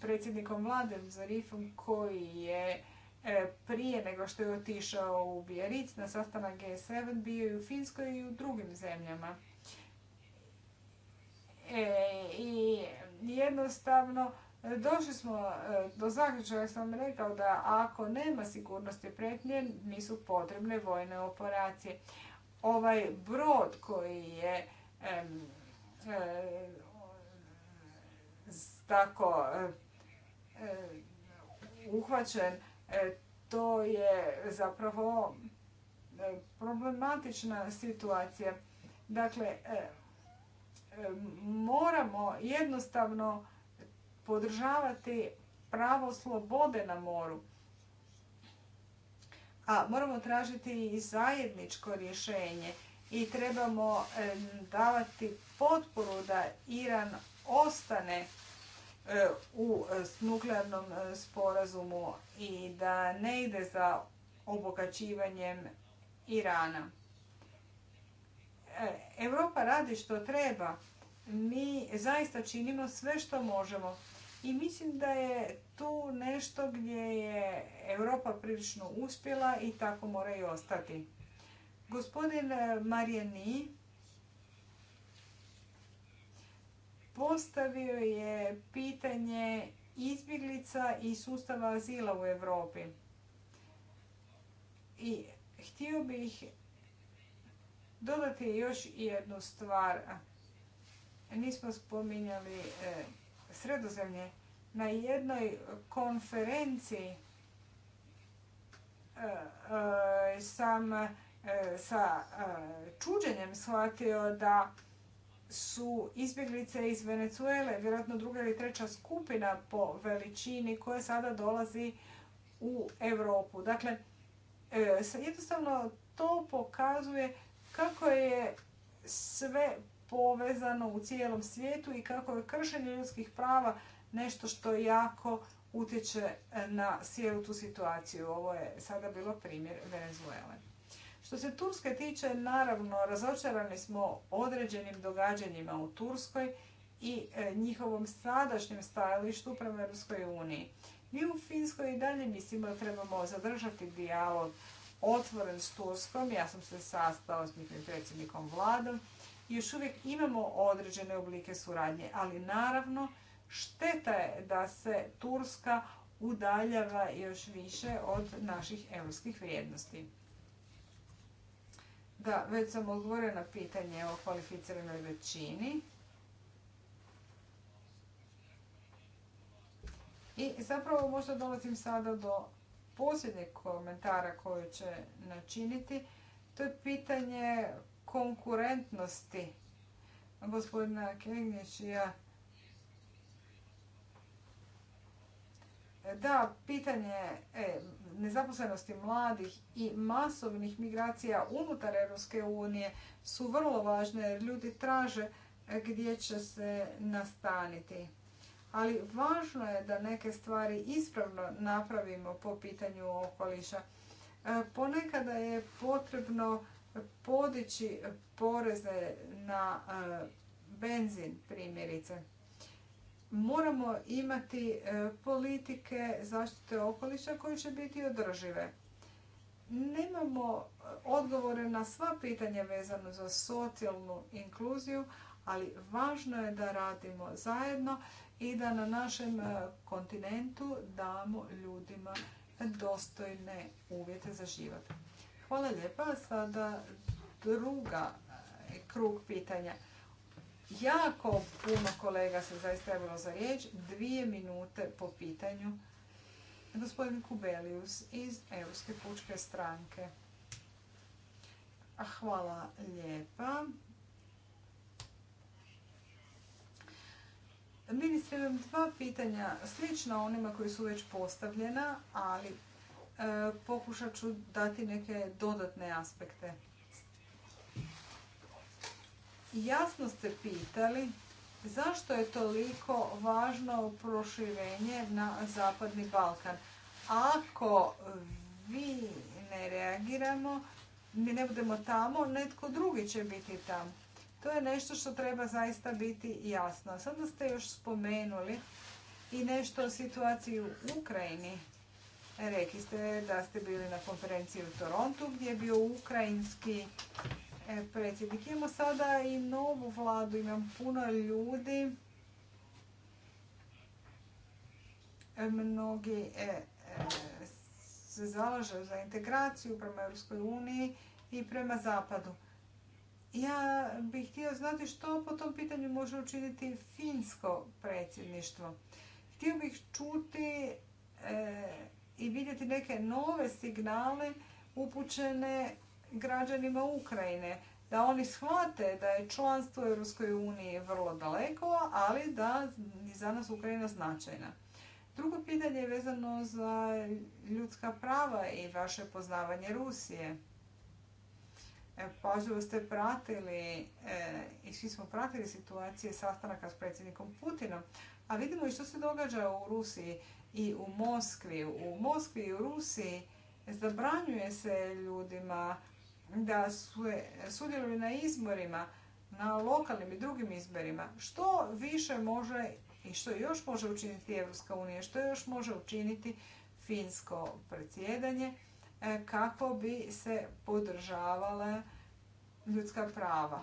predsjednikom vlade Zarifom koji je E, prije nego što je otišao u Bijeric na sastanak G7 bio i u Finskoj i u drugim zemljama. E, I jednostavno došli smo e, do zaključka, ja sam rekao da ako nema sigurnosti pretnje, nisu potrebne vojne operacije. Ovaj brod koji je tako uhvaćen E, to je zapravo e, problematična situacija. Dakle, e, moramo jednostavno podržavati pravo slobode na moru. A moramo tražiti i zajedničko rješenje i trebamo davati potporu da Iran ostane E, u e, nuklearnom e, sporazumu i da ne ide za obogaćivanjem Irana. Europa radi što treba. Mi zaista činimo sve što možemo. I mislim da je tu nešto gdje je Europa prilično uspjela i tako mora i ostati. Gospodin Marijani postavio je pitanje izbjeglica i sustava azila u Europi. I htio bih dodati još jednu stvar. Nismo spominjali e, sredozemlje. Na jednoj konferenciji e, e, sam sa čuđenjem shvatio da su izbjeglice iz Venezuele, vjerojatno druga ili treća skupina po veličini koja sada dolazi u Europu. Dakle, e, jednostavno to pokazuje kako je sve povezano u cijelom svijetu i kako je kršenje ljudskih prava nešto što jako utječe na cijelu tu situaciju. Ovo je sada bilo primjer Venezuele. Što se Turske tiče, naravno, razočarani smo određenim događanjima u Turskoj i e, njihovom sadašnjem stajalištu prema Europskoj uniji. Mi u Finskoj i dalje mislimo da trebamo zadržati dijalog otvoren s Turskom. Ja sam se sastala s njihovim predsjednikom vladom. Još uvijek imamo određene oblike suradnje, ali naravno šteta je da se Turska udaljava još više od naših europskih vrijednosti. Da, već sam odgovorila na pitanje o kvalificiranoj većini. I zapravo možda dolazim sada do posljednjeg komentara koju će načiniti. To je pitanje konkurentnosti. Gospodina Kegnjić Da, pitanje e, nezaposlenosti mladih i masovnih migracija unutar Europske unije su vrlo važne jer ljudi traže e, gdje će se nastaniti. Ali važno je da neke stvari ispravno napravimo po pitanju okoliša. E, ponekada je potrebno podići poreze na benzin primjerice moramo imati e, politike zaštite okoliša koje će biti održive. Nemamo e, odgovore na sva pitanja vezano za socijalnu inkluziju, ali važno je da radimo zajedno i da na našem e, kontinentu damo ljudima dostojne uvjete za život. Hvala lijepa. Sada druga krug pitanja. Jako puno kolega se zaista javilo za riječ. Dvije minute po pitanju. Gospodin Kubelius iz Europske pučke stranke. Hvala lijepa. Ministri, imam dva pitanja, slična onima koji su već postavljena, ali e, pokušat ću dati neke dodatne aspekte jasno ste pitali zašto je toliko važno proširenje na Zapadni Balkan. Ako vi ne reagiramo, mi ne budemo tamo, netko drugi će biti tamo. To je nešto što treba zaista biti jasno. Sada ste još spomenuli i nešto o situaciji u Ukrajini. Rekli ste da ste bili na konferenciji u Torontu gdje je bio ukrajinski E, predsjednik. Imamo sada i novu vladu, imam puno ljudi. E, mnogi e, se zalažu za integraciju prema Europskoj uniji i prema Zapadu. Ja bih htio znati što po tom pitanju može učiniti finsko predsjedništvo. Htio bih čuti i vidjeti neke nove signale upućene građanima Ukrajine, da oni shvate da je članstvo u Europskoj uniji vrlo daleko, ali da je za nas Ukrajina značajna. Drugo pitanje je vezano za ljudska prava i vaše poznavanje Rusije. E, pažljivo ste pratili e, i svi smo pratili situacije sastanaka s predsjednikom Putinom, a vidimo i što se događa u Rusiji i u Moskvi. U Moskvi i u Rusiji zabranjuje se ljudima da su e, sudjeluju na izborima, na lokalnim i drugim izborima, što više može i što još može učiniti Evropska unija, što još može učiniti finsko predsjedanje e, kako bi se podržavala ljudska prava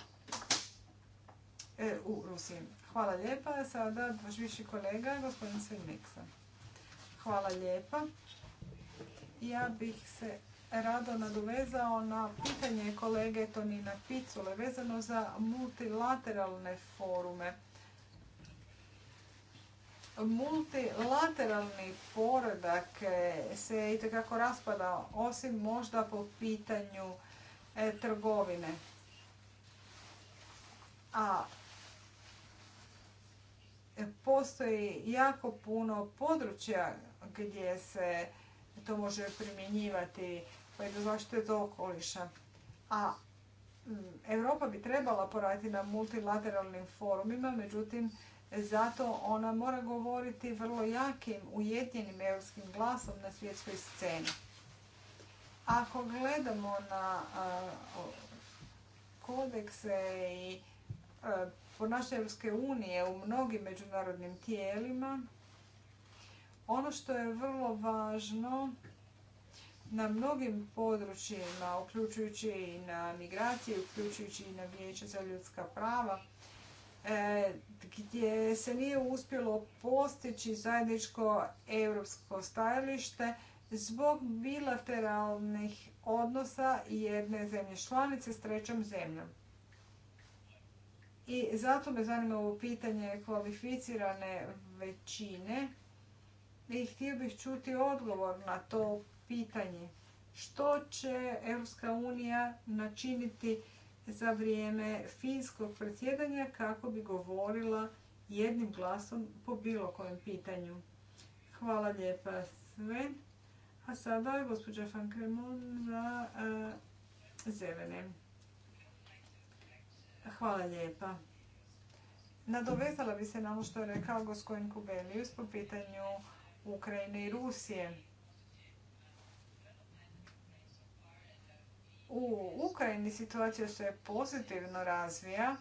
e, u Rusiji. Hvala lijepa. Sada vaš viši kolega, gospodin Sven Hvala lijepa. Ja bih se rado nadovezao na pitanje kolege Tonina Picule vezano za multilateralne forume. Multilateralni poredak eh, se itekako raspada, osim možda po pitanju eh, trgovine. A eh, postoji jako puno područja gdje se to može primjenjivati pa i do je do okoliša. A mm, Europa bi trebala poraditi na multilateralnim forumima, međutim, zato ona mora govoriti vrlo jakim, ujedinjenim europskim glasom na svjetskoj sceni. Ako gledamo na kodekse i ponašanje Europske unije u mnogim međunarodnim tijelima, ono što je vrlo važno na mnogim područjima, uključujući i na migraciju, uključujući i na vijeće za ljudska prava, e, gdje se nije uspjelo postići zajedničko europsko stajalište zbog bilateralnih odnosa jedne zemlje članice s trećom zemljom. I zato me zanima ovo pitanje kvalificirane većine i htio bih čuti odgovor na to pitanje što će Europska unija načiniti za vrijeme finskog predsjedanja kako bi govorila jednim glasom po bilo kojem pitanju. Hvala lijepa sve. A sada je gospođa Fankremon za eh, Hvala lijepa. Nadovezala bi se na ono što je rekao gospodin Kubelius po pitanju Ukrajine i Rusije. U Ukrajini situacija se pozitivno razvija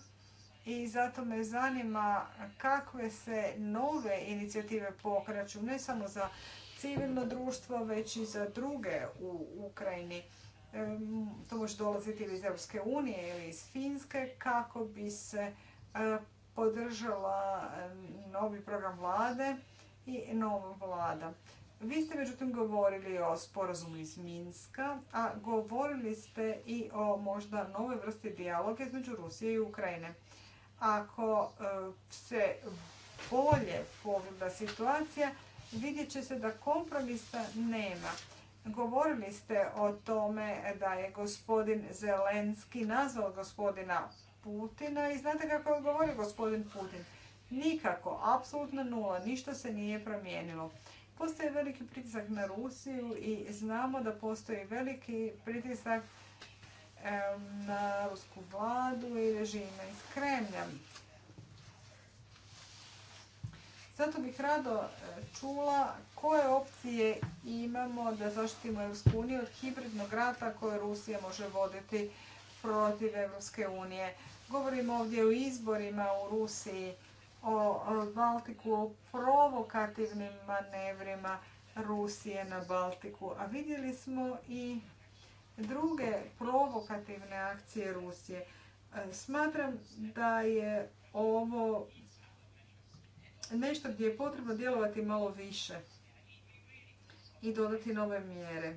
i zato me zanima kakve se nove inicijative pokraću, ne samo za civilno društvo, već i za druge u Ukrajini. To može dolaziti ili iz Europske unije ili iz Finske kako bi se e, podržala novi program vlade i nova vlada. Vi ste međutim govorili o sporazumu iz Minska, a govorili ste i o možda novoj vrsti dijaloga između Rusije i Ukrajine. Ako e, se bolje pogleda situacija, vidjet će se da kompromisa nema. Govorili ste o tome da je gospodin Zelenski nazvao gospodina Putina i znate kako govori gospodin Putin? Nikako, apsolutno nula, ništa se nije promijenilo. Postoji veliki pritisak na Rusiju i znamo da postoji veliki pritisak na rusku vladu i režime iz Kremlja. Zato bih rado e, čula koje opcije imamo da zaštitimo EU uniju od hibridnog rata koje Rusija može voditi protiv Evropske unije. Govorimo ovdje o izborima u Rusiji o Baltiku, o provokativnim manevrima Rusije na Baltiku, a vidjeli smo i druge provokativne akcije Rusije. E, smatram da je ovo nešto gdje je potrebno djelovati malo više i dodati nove mjere.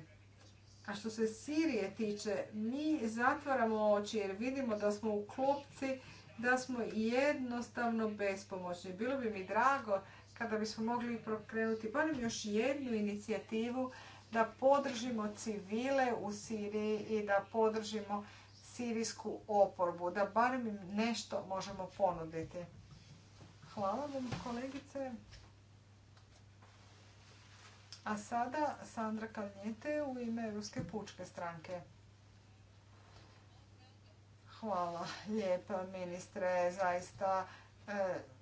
A što se Sirije tiče, mi zatvaramo oči jer vidimo da smo u klopci da smo jednostavno bespomoćni. Bilo bi mi drago kada bismo mogli prokrenuti barem još jednu inicijativu da podržimo civile u Siriji i da podržimo sirijsku oporbu, da barem im nešto možemo ponuditi. Hvala vam kolegice. A sada Sandra Kalnjete u ime Ruske pučke stranke. Hvala lijepa ministre, zaista e,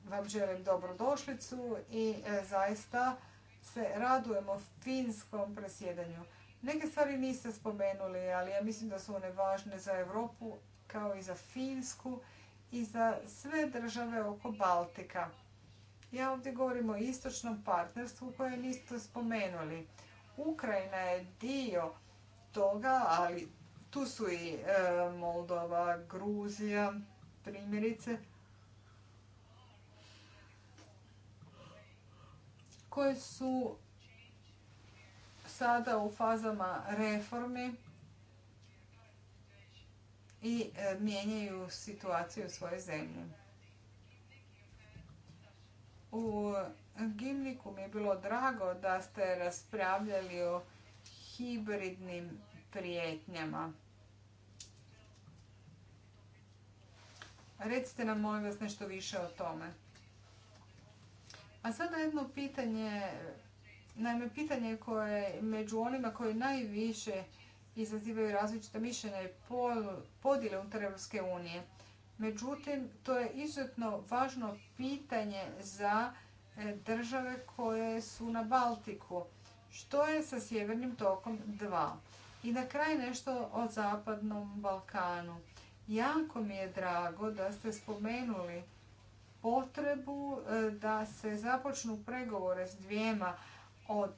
vam želim dobrodošlicu i e, zaista se radujemo finskom presjedanju. Neke stvari niste spomenuli, ali ja mislim da su one važne za Europu kao i za Finsku i za sve države oko Baltika. Ja ovdje govorim o istočnom partnerstvu koje niste spomenuli. Ukrajina je dio toga, ali tu su i e, Moldova, Gruzija, primjerice, koje su sada u fazama reformi i e, mijenjaju situaciju u svojoj zemlji. U Gimniku mi je bilo drago da ste raspravljali o hibridnim prijetnjama. Recite nam, molim vas, nešto više o tome. A sada jedno pitanje, naime pitanje koje među onima koji najviše izazivaju različita mišljenja i podile unutar Europske unije. Međutim, to je izuzetno važno pitanje za e, države koje su na Baltiku. Što je sa Sjevernim tokom 2? I na kraj nešto o Zapadnom Balkanu. Jako mi je drago da ste spomenuli potrebu e, da se započnu pregovore s dvijema od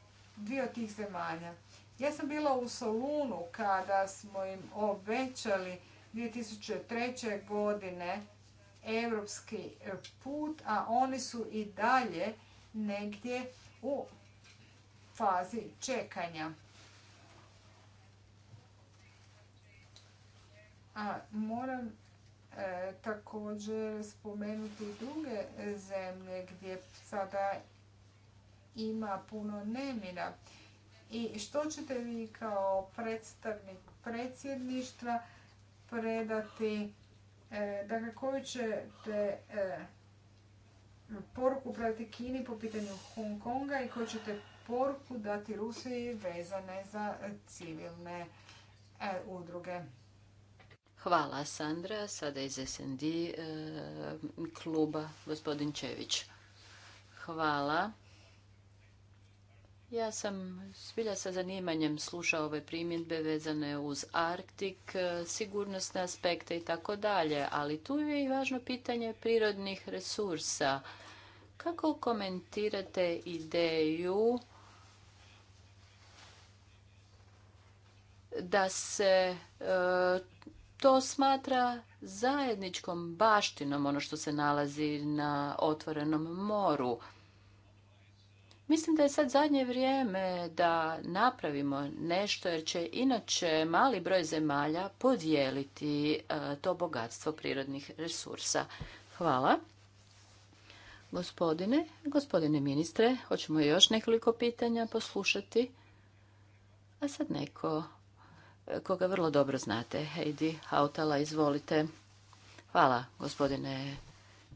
od tih zemalja. Ja sam bila u Solunu kada smo im obećali 2003. godine europski put, a oni su i dalje negdje u fazi čekanja. A moram e, također spomenuti druge zemlje gdje sada ima puno nemira. I što ćete vi kao predstavnik predsjedništva predati, e, dakle koju ćete e, poruku predati Kini po pitanju Hong Konga i koju ćete poruku dati Rusiji vezane za civilne udruge. Hvala Sandra, sada iz SND e, kluba gospodin Čević. Hvala. Ja sam svilja sa zanimanjem slušao ove primjedbe vezane uz Arktik, e, sigurnosne aspekte i tako dalje, ali tu je i važno pitanje prirodnih resursa. Kako komentirate ideju da se e, to smatra zajedničkom baštinom, ono što se nalazi na otvorenom moru. Mislim da je sad zadnje vrijeme da napravimo nešto jer će inače mali broj zemalja podijeliti e, to bogatstvo prirodnih resursa. Hvala. Gospodine, gospodine ministre, hoćemo još nekoliko pitanja poslušati. A sad neko koga vrlo dobro znate. Heidi Hautala, izvolite. Hvala, gospodine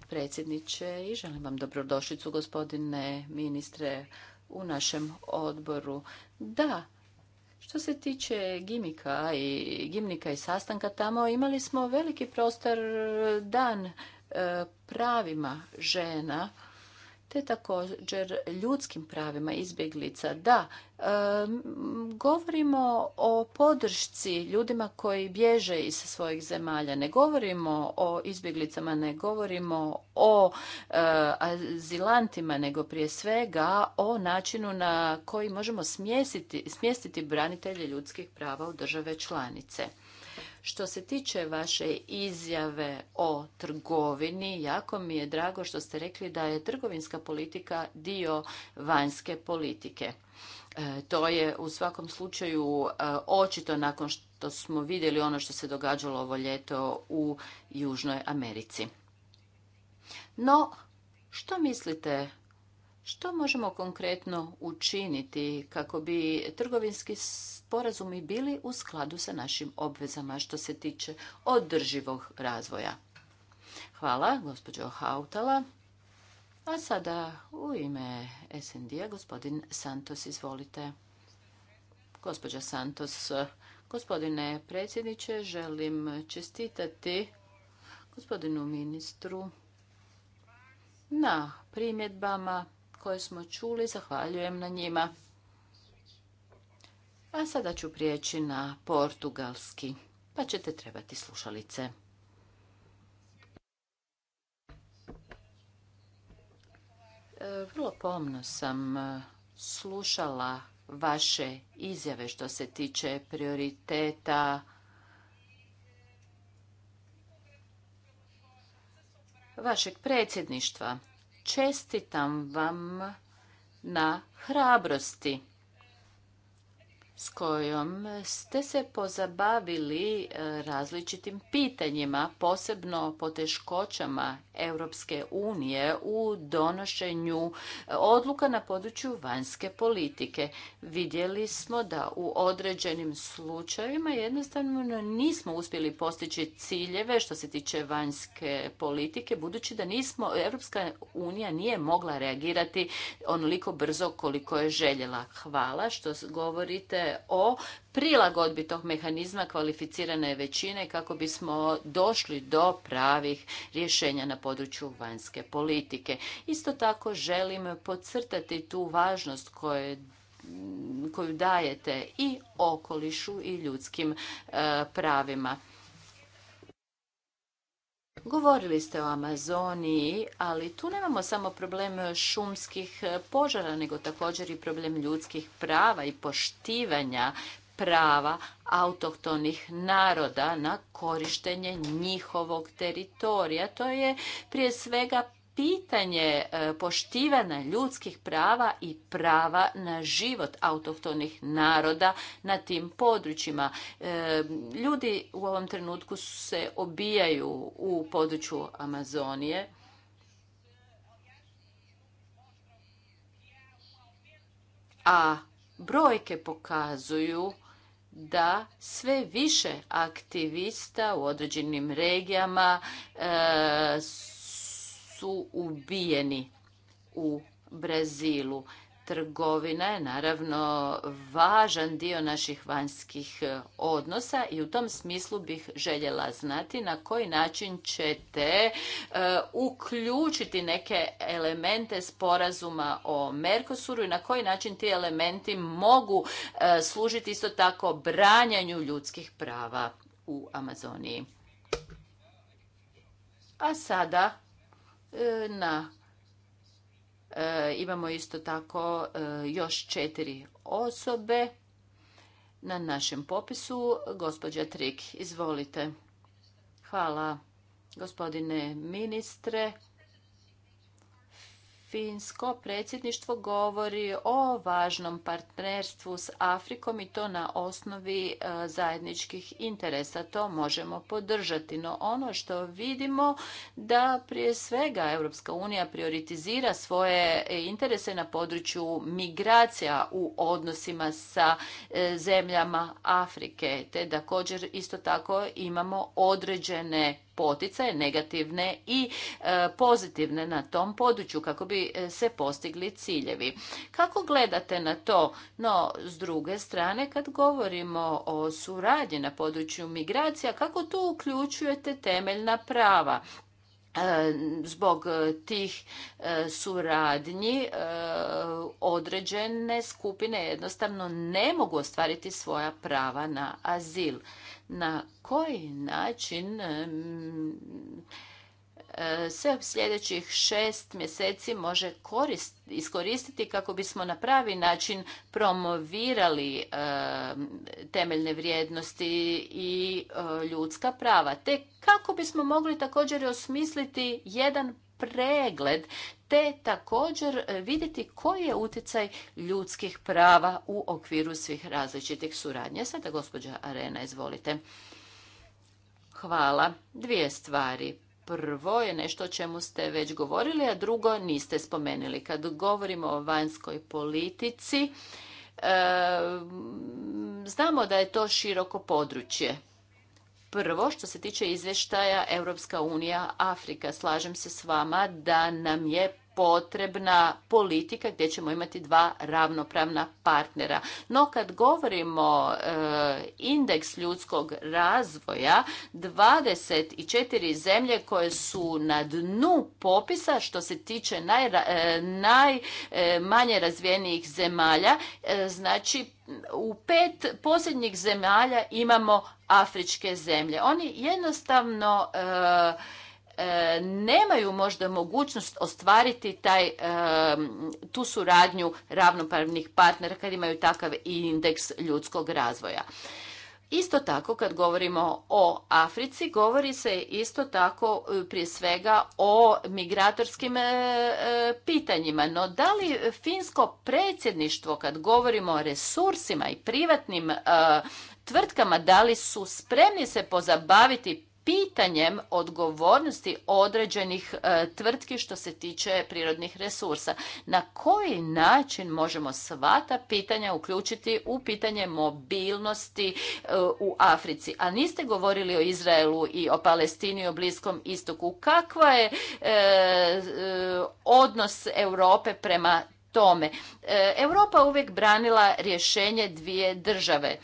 predsjedniče i želim vam dobrodošlicu, gospodine ministre, u našem odboru. Da, što se tiče gimika i gimnika i sastanka tamo, imali smo veliki prostor dan e, pravima žena te također ljudskim pravima izbjeglica. Da, Govorimo o podršci ljudima koji bježe iz svojih zemalja. Ne govorimo o izbjeglicama, ne govorimo o e, azilantima, nego prije svega o načinu na koji možemo smjestiti, smjestiti branitelje ljudskih prava u države članice. Što se tiče vaše izjave o trgovini, jako mi je drago što ste rekli da je trgovinska politika dio vanjske politike. E, to je u svakom slučaju e, očito nakon što smo vidjeli ono što se događalo ovo ljeto u Južnoj Americi. No, što mislite što možemo konkretno učiniti kako bi trgovinski sporazumi bili u skladu sa našim obvezama što se tiče održivog razvoja? Hvala, gospođo Hautala. A sada u ime SND-a gospodin Santos, izvolite. Gospodja Santos, gospodine predsjedniče, želim čestitati gospodinu ministru na primjedbama koje smo čuli. Zahvaljujem na njima. A sada ću prijeći na portugalski, pa ćete trebati slušalice. Vrlo pomno sam e, slušala vaše izjave što se tiče prioriteta vašeg predsjedništva. Čestitam vam na hrabrosti s kojom ste se pozabavili e, različitim pitanjima, posebno poteškoćama Europske unije u donošenju e, odluka na području vanjske politike. Vidjeli smo da u određenim slučajevima jednostavno nismo uspjeli postići ciljeve što se tiče vanjske politike, budući da nismo, Europska unija nije mogla reagirati onoliko brzo koliko je željela. Hvala što govorite o prilagodbi tog mehanizma kvalificirane većine kako bismo došli do pravih rješenja na području vanjske politike. Isto tako želim podcrtati tu važnost koju dajete i okolišu i ljudskim e, pravima. Govorili ste o Amazoniji, ali tu nemamo samo problem šumskih požara, nego također i problem ljudskih prava i poštivanja prava autohtonih naroda na korištenje njihovog teritorija. To je prije svega pitanje e, poštivanja ljudskih prava i prava na život autohtonih naroda na tim područjima. E, ljudi u ovom trenutku se obijaju u području Amazonije. A brojke pokazuju da sve više aktivista u određenim regijama e, su ubijeni u Brazilu trgovina je naravno važan dio naših vanjskih e, odnosa i u tom smislu bih željela znati na koji način ćete e, uključiti neke elemente sporazuma o Merkosuru i na koji način ti elementi mogu e, služiti isto tako branjanju ljudskih prava u Amazoniji. A sada na E, imamo isto tako e, još četiri osobe na našem popisu. Gospođa Trik, izvolite. Hvala gospodine ministre. Finsko predsjedništvo govori o važnom partnerstvu s Afrikom i to na osnovi e, zajedničkih interesa. To možemo podržati, no ono što vidimo da prije svega Europska unija prioritizira svoje e, interese na području migracija u odnosima sa e, zemljama Afrike, te također isto tako imamo određene poticaje negativne i e, pozitivne na tom području kako bi e, se postigli ciljevi. Kako gledate na to? No, s druge strane, kad govorimo o suradnji na području migracija, kako tu uključujete temeljna prava? E, zbog tih suradnji određene skupine jednostavno ne mogu ostvariti svoja prava na azil na koji način e, se u sljedećih šest mjeseci može iskoristiti kako bismo na pravi način promovirali temeljne vrijednosti i e, ljudska prava, te kako bismo mogli također osmisliti jedan pregled te također e, vidjeti koji je utjecaj ljudskih prava u okviru svih različitih suradnje. Sada gospođa Arena, izvolite. Hvala. Dvije stvari. Prvo je nešto o čemu ste već govorili, a drugo niste spomenuli. Kad govorimo o vanjskoj politici, e, znamo da je to široko područje Prvo, što se tiče izvještaja Europska unija Afrika, slažem se s vama da nam je potrebna politika gdje ćemo imati dva ravnopravna partnera. No kad govorimo e, indeks ljudskog razvoja, 24 zemlje koje su na dnu popisa što se tiče najmanje naj, e, razvijenijih zemalja, e, znači u pet posljednjih zemalja imamo afričke zemlje. Oni jednostavno e, e, nemaju možda mogućnost ostvariti taj, e, tu suradnju ravnopravnih partnera kad imaju takav indeks ljudskog razvoja. Isto tako kad govorimo o Africi, govori se isto tako e, prije svega o migratorskim pitanjima. No da li finsko predsjedništvo kad govorimo o resursima i privatnim tvrtkama da li su spremni se pozabaviti pitanjem odgovornosti određenih e, tvrtki što se tiče prirodnih resursa. Na koji način možemo sva ta pitanja uključiti u pitanje mobilnosti e, u Africi? A niste govorili o Izraelu i o Palestini i o Bliskom istoku. Kakva je e, odnos Europe prema tome? Europa uvijek branila rješenje dvije države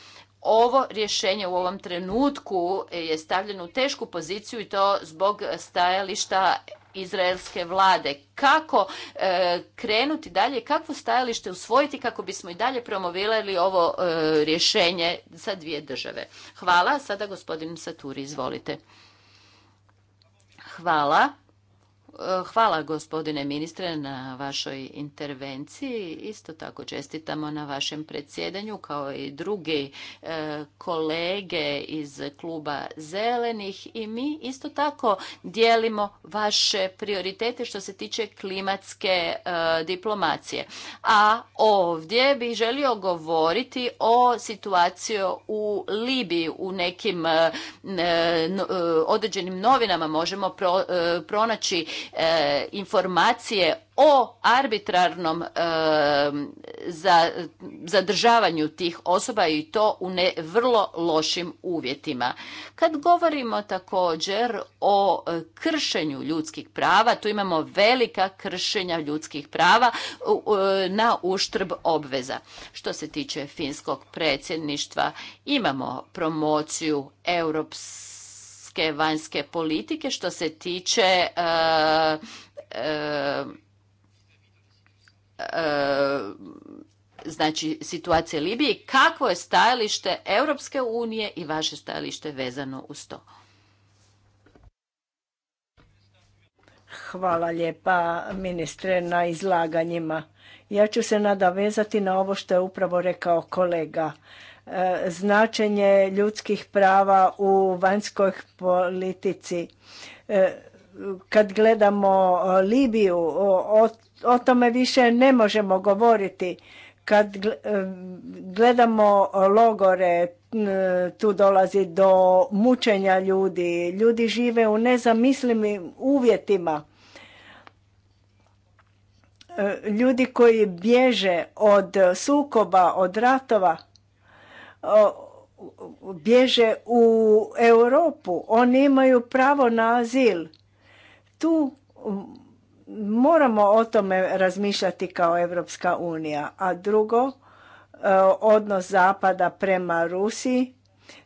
ovo rješenje u ovom trenutku je stavljeno u tešku poziciju i to zbog stajališta izraelske vlade. Kako e, krenuti dalje, kakvo stajalište usvojiti kako bismo i dalje promovirali ovo e, rješenje za dvije države. Hvala. Sada gospodin Saturi, izvolite. Hvala. Eh, hvala gospodine ministre na vašoj intervenciji. Isto tako čestitamo na vašem predsjedanju kao i drugi eh, kolege iz kluba Zelenih i mi isto tako dijelimo vaše prioritete što se tiče klimatske eh, diplomacije. A ovdje bih želio govoriti o situaciji u Libiji u nekim određenim novinama možemo pronaći E, informacije o arbitrarnom e, za, zadržavanju tih osoba i to u ne vrlo lošim uvjetima. Kad govorimo također o e, kršenju ljudskih prava, tu imamo velika kršenja ljudskih prava na uštrb obveza. Što se tiče finskog predsjedništva, imamo promociju Europs vanjske politike što se tiče e, e, e, znači situacije Libije, kakvo je stajalište Europske unije i vaše stajalište vezano uz to? Hvala lijepa ministre na izlaganjima. Ja ću se nadavezati na ovo što je upravo rekao kolega značenje ljudskih prava u vanjskoj politici. E, kad gledamo Libiju, o, tome više ne možemo govoriti. Kad e, gledamo logore, tu dolazi do mučenja ljudi. Ljudi žive u nezamislivim uvjetima. E, ljudi koji bježe od sukoba, od ratova, bježe u Europu. Oni imaju pravo na azil. Tu moramo o tome razmišljati kao Europska unija. A drugo, e, odnos Zapada prema Rusiji.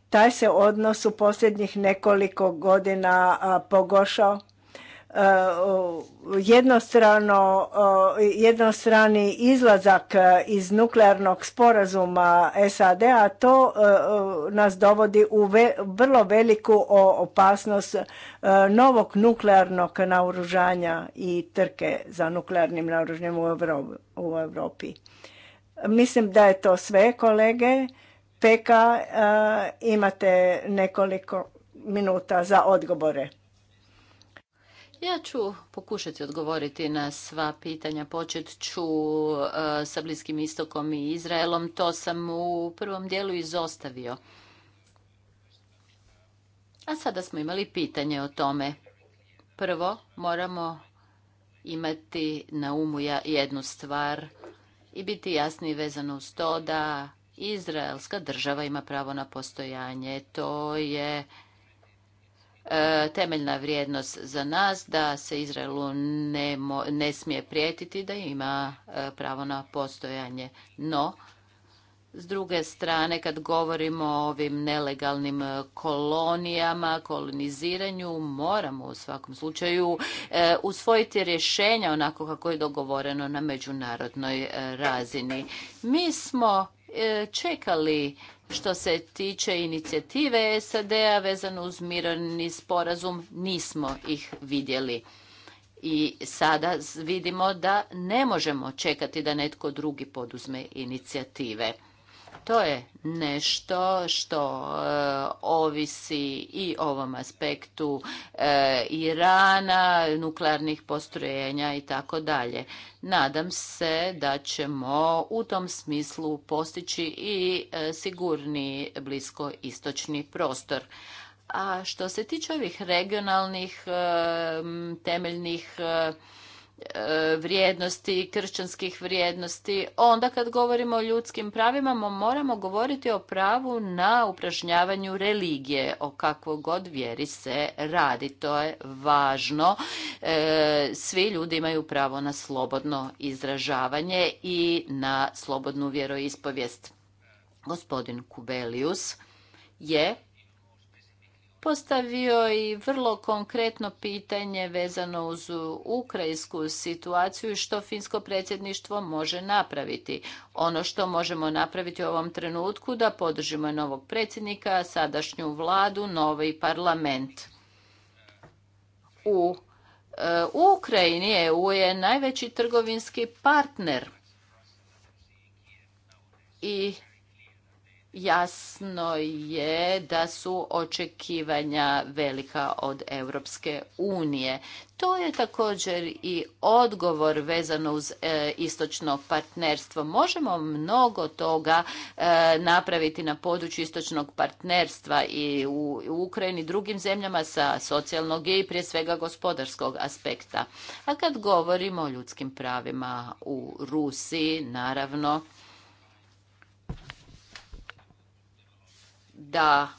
Taj se odnos u posljednjih nekoliko godina pogoršao E, jednostrano, jednostrani izlazak e, iz nuklearnog sporazuma SAD-a, to e, nas dovodi u vrlo veliku opasnost novog nuklearnog naoružanja i trke za nuklearnim naoružanjem u Europi. Mislim da je to sve, kolege. Peka, imate nekoliko minuta za odgovore. Ja ću pokušati odgovoriti na sva pitanja. Počet ću e, sa Bliskim istokom i Izraelom. To sam u prvom dijelu izostavio. A sada smo imali pitanje o tome. Prvo, moramo imati na umu jednu stvar i biti jasni vezano uz to da Izraelska država ima pravo na postojanje. To je E, temeljna vrijednost za nas da se Izraelu ne, ne smije prijetiti da ima e, pravo na postojanje. No, s druge strane, kad govorimo o ovim nelegalnim e, kolonijama, koloniziranju, moramo u svakom slučaju usvojiti rješenja onako kako je dogovoreno na međunarodnoj razini. Mi smo E, čekali što se tiče inicijative SAD-a vezano uz mirovni sporazum, nismo ih vidjeli. I sada vidimo da ne možemo čekati da netko drugi poduzme inicijative to je nešto što e, ovisi i ovom aspektu e, Irana, nuklearnih postrojenja i tako dalje. Nadam se da ćemo u tom smislu postići i e, sigurni blisko istočni prostor. A što se tiče ovih regionalnih temeljnih E, vrijednosti, kršćanskih vrijednosti. Onda kad govorimo o ljudskim pravima, moramo govoriti o pravu na upražnjavanju religije, o kakvog god vjeri se radi. To je važno. E, svi ljudi imaju pravo na slobodno izražavanje i na slobodnu vjeroispovijest. Gospodin Kubelius je postavio i vrlo konkretno pitanje vezano uz ukrajinsku situaciju što finsko predsjedništvo može napraviti. Ono što možemo napraviti u ovom trenutku da podržimo novog predsjednika, sadašnju vladu, novi parlament. U e, Ukrajini EU je najveći trgovinski partner i Jasno je da su očekivanja velika od Europske unije. To je također i odgovor vezano uz e, istočno partnerstvo. Možemo mnogo toga e, napraviti na području istočnog partnerstva i u, u Ukrajini i drugim zemljama sa socijalnog i prije svega gospodarskog aspekta. A kad govorimo o ljudskim pravima u Rusiji, naravno, da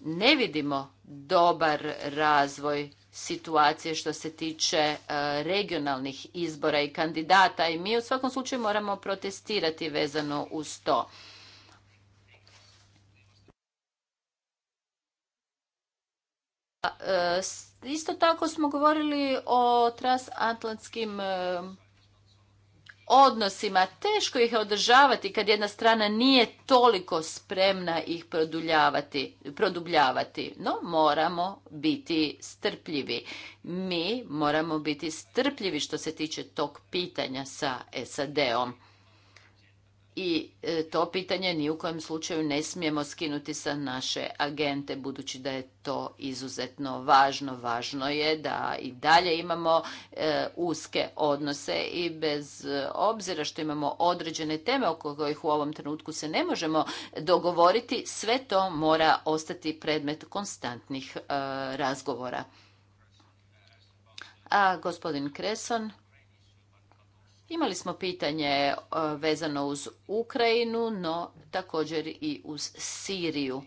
ne vidimo dobar razvoj situacije što se tiče e, regionalnih izbora i kandidata i mi u svakom slučaju moramo protestirati vezano uz to. E, isto tako smo govorili o transatlantskim e, odnosima. Teško ih je održavati kad jedna strana nije toliko spremna ih produbljavati. No, moramo biti strpljivi. Mi moramo biti strpljivi što se tiče tog pitanja sa SAD-om i e, to pitanje ni u kojem slučaju ne smijemo skinuti sa naše agente budući da je to izuzetno važno. Važno je da i dalje imamo e, uske odnose i bez obzira što imamo određene teme oko kojih u ovom trenutku se ne možemo dogovoriti, sve to mora ostati predmet konstantnih e, razgovora. A gospodin Kreson Imali smo pitanje e, vezano uz Ukrajinu, no također i uz Siriju.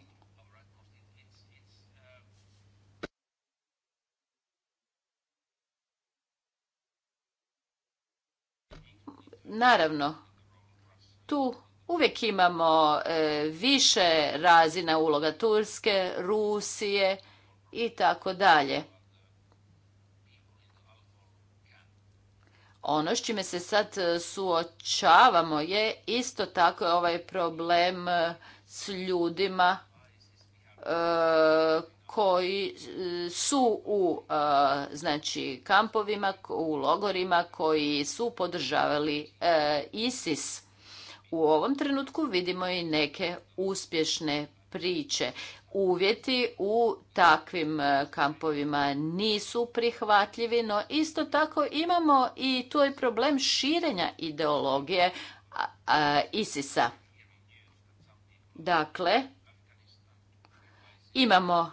Naravno, tu uvijek imamo e, više razina uloga Turske, Rusije i tako dalje. Ono s čime se sad e, suočavamo je isto tako ovaj problem e, s ljudima e, koji su u znači kampovima, u logorima koji su podržavali ISIS. U ovom trenutku vidimo i neke uspješne priče uvjeti u takvim e, kampovima nisu prihvatljivi, no isto tako imamo i tu je problem širenja ideologije ISIS-a. Dakle, imamo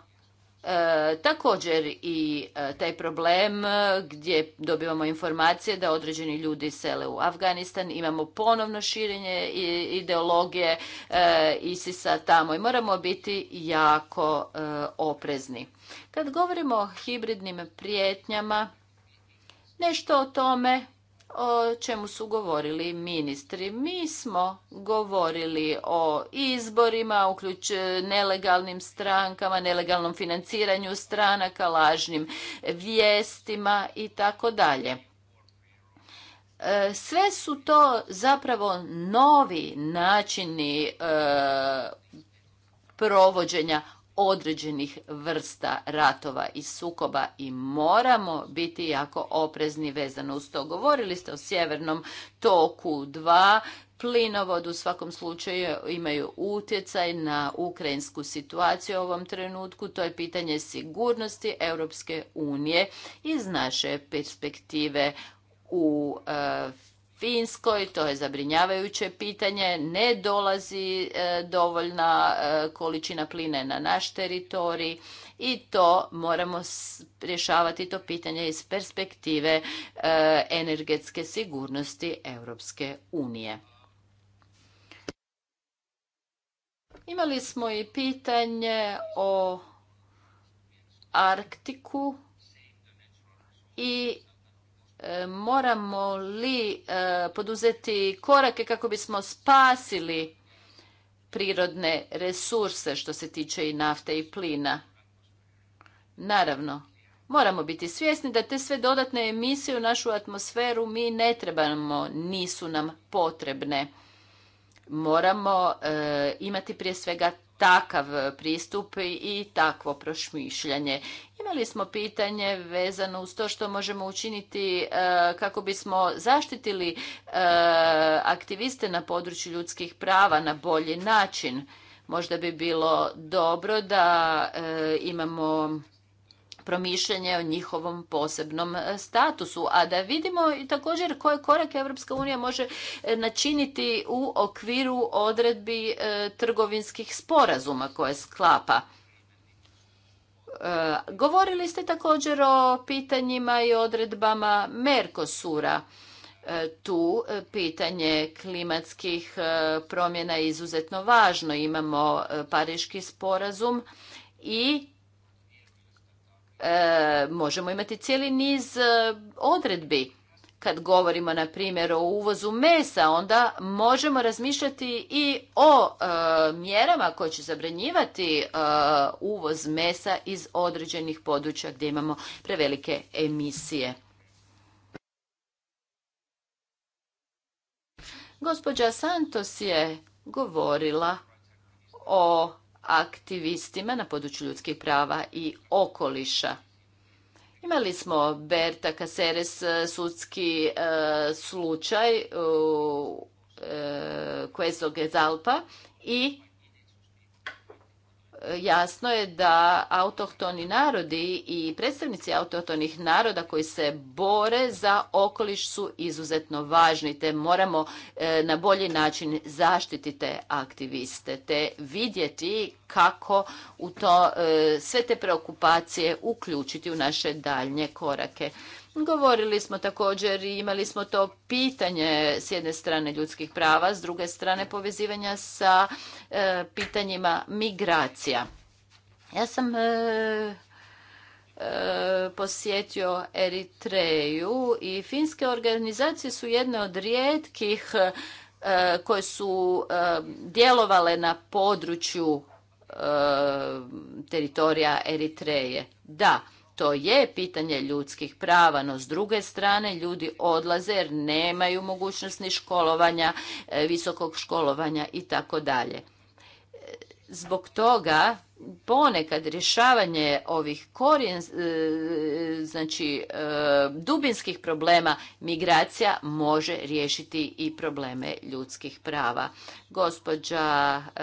E, također i e, taj problem e, gdje dobivamo informacije da određeni ljudi sele u Afganistan, imamo ponovno širenje ideologije e, ISIS-a tamo i moramo biti jako e, oprezni. Kad govorimo o hibridnim prijetnjama, nešto o tome o čemu su govorili ministri. Mi smo govorili o izborima, uključ nelegalnim strankama, nelegalnom financiranju stranaka, lažnim vijestima i tako dalje. E, sve su to zapravo novi načini e, provođenja određenih vrsta ratova i sukoba i moramo biti jako oprezni vezano uz to. Govorili ste o sjevernom toku 2, plinovod u svakom slučaju imaju utjecaj na ukrajinsku situaciju u ovom trenutku. To je pitanje sigurnosti Europske unije iz naše perspektive u e, Finskoj, to je zabrinjavajuće pitanje, ne dolazi e, dovoljna e, količina pline na naš teritorij i to moramo rješavati to pitanje iz perspektive e, energetske sigurnosti Europske unije. Imali smo i pitanje o Arktiku i E, moramo li e, poduzeti korake kako bismo spasili prirodne resurse što se tiče i nafte i plina. Naravno, moramo biti svjesni da te sve dodatne emisije u našu atmosferu mi ne trebamo, nisu nam potrebne. Moramo e, imati prije svega takav e, pristup i takvo prošmišljanje. Imali smo pitanje vezano uz to što možemo učiniti e, kako bismo zaštitili e, aktiviste na području ljudskih prava na bolji način. Možda bi bilo dobro da imamo promišljanje o njihovom posebnom e, statusu, a da vidimo i također koje korake Evropska unija može e, načiniti u okviru odredbi e, trgovinskih sporazuma koje sklapa. Govorili ste također o pitanjima i odredbama Merkosura. Tu pitanje klimatskih promjena je izuzetno važno. Imamo Pariški sporazum i E, možemo imati cijeli niz e, odredbi kad govorimo na primjer o uvozu mesa onda možemo razmišljati i o e, mjerama koje će zabranjivati uvoz mesa iz određenih područja gdje imamo prevelike emisije gospođa santos je govorila o aktivistima na području ljudskih prava i okoliša. Imali smo Berta Caceres e, sudski e, slučaj e, i jasno je da autohtoni narodi i predstavnici autohtonih naroda koji se bore za okoliš su izuzetno važni te moramo e, na bolji način zaštiti te aktiviste te vidjeti kako u to e, sve te preokupacije uključiti u naše daljnje korake. Govorili smo također i imali smo to pitanje s jedne strane ljudskih prava, s druge strane povezivanja sa e, pitanjima migracija. Ja sam e, e, posjetio Eritreju i finske organizacije su jedne od rijetkih koje su djelovale na području teritorija Eritreje. Da, to je pitanje ljudskih prava, no s druge strane ljudi odlaze jer nemaju mogućnost ni školovanja, e, visokog školovanja i tako dalje. E, zbog toga ponekad rješavanje ovih korijen, e, znači e, dubinskih problema migracija može riješiti i probleme ljudskih prava. Gospođa e,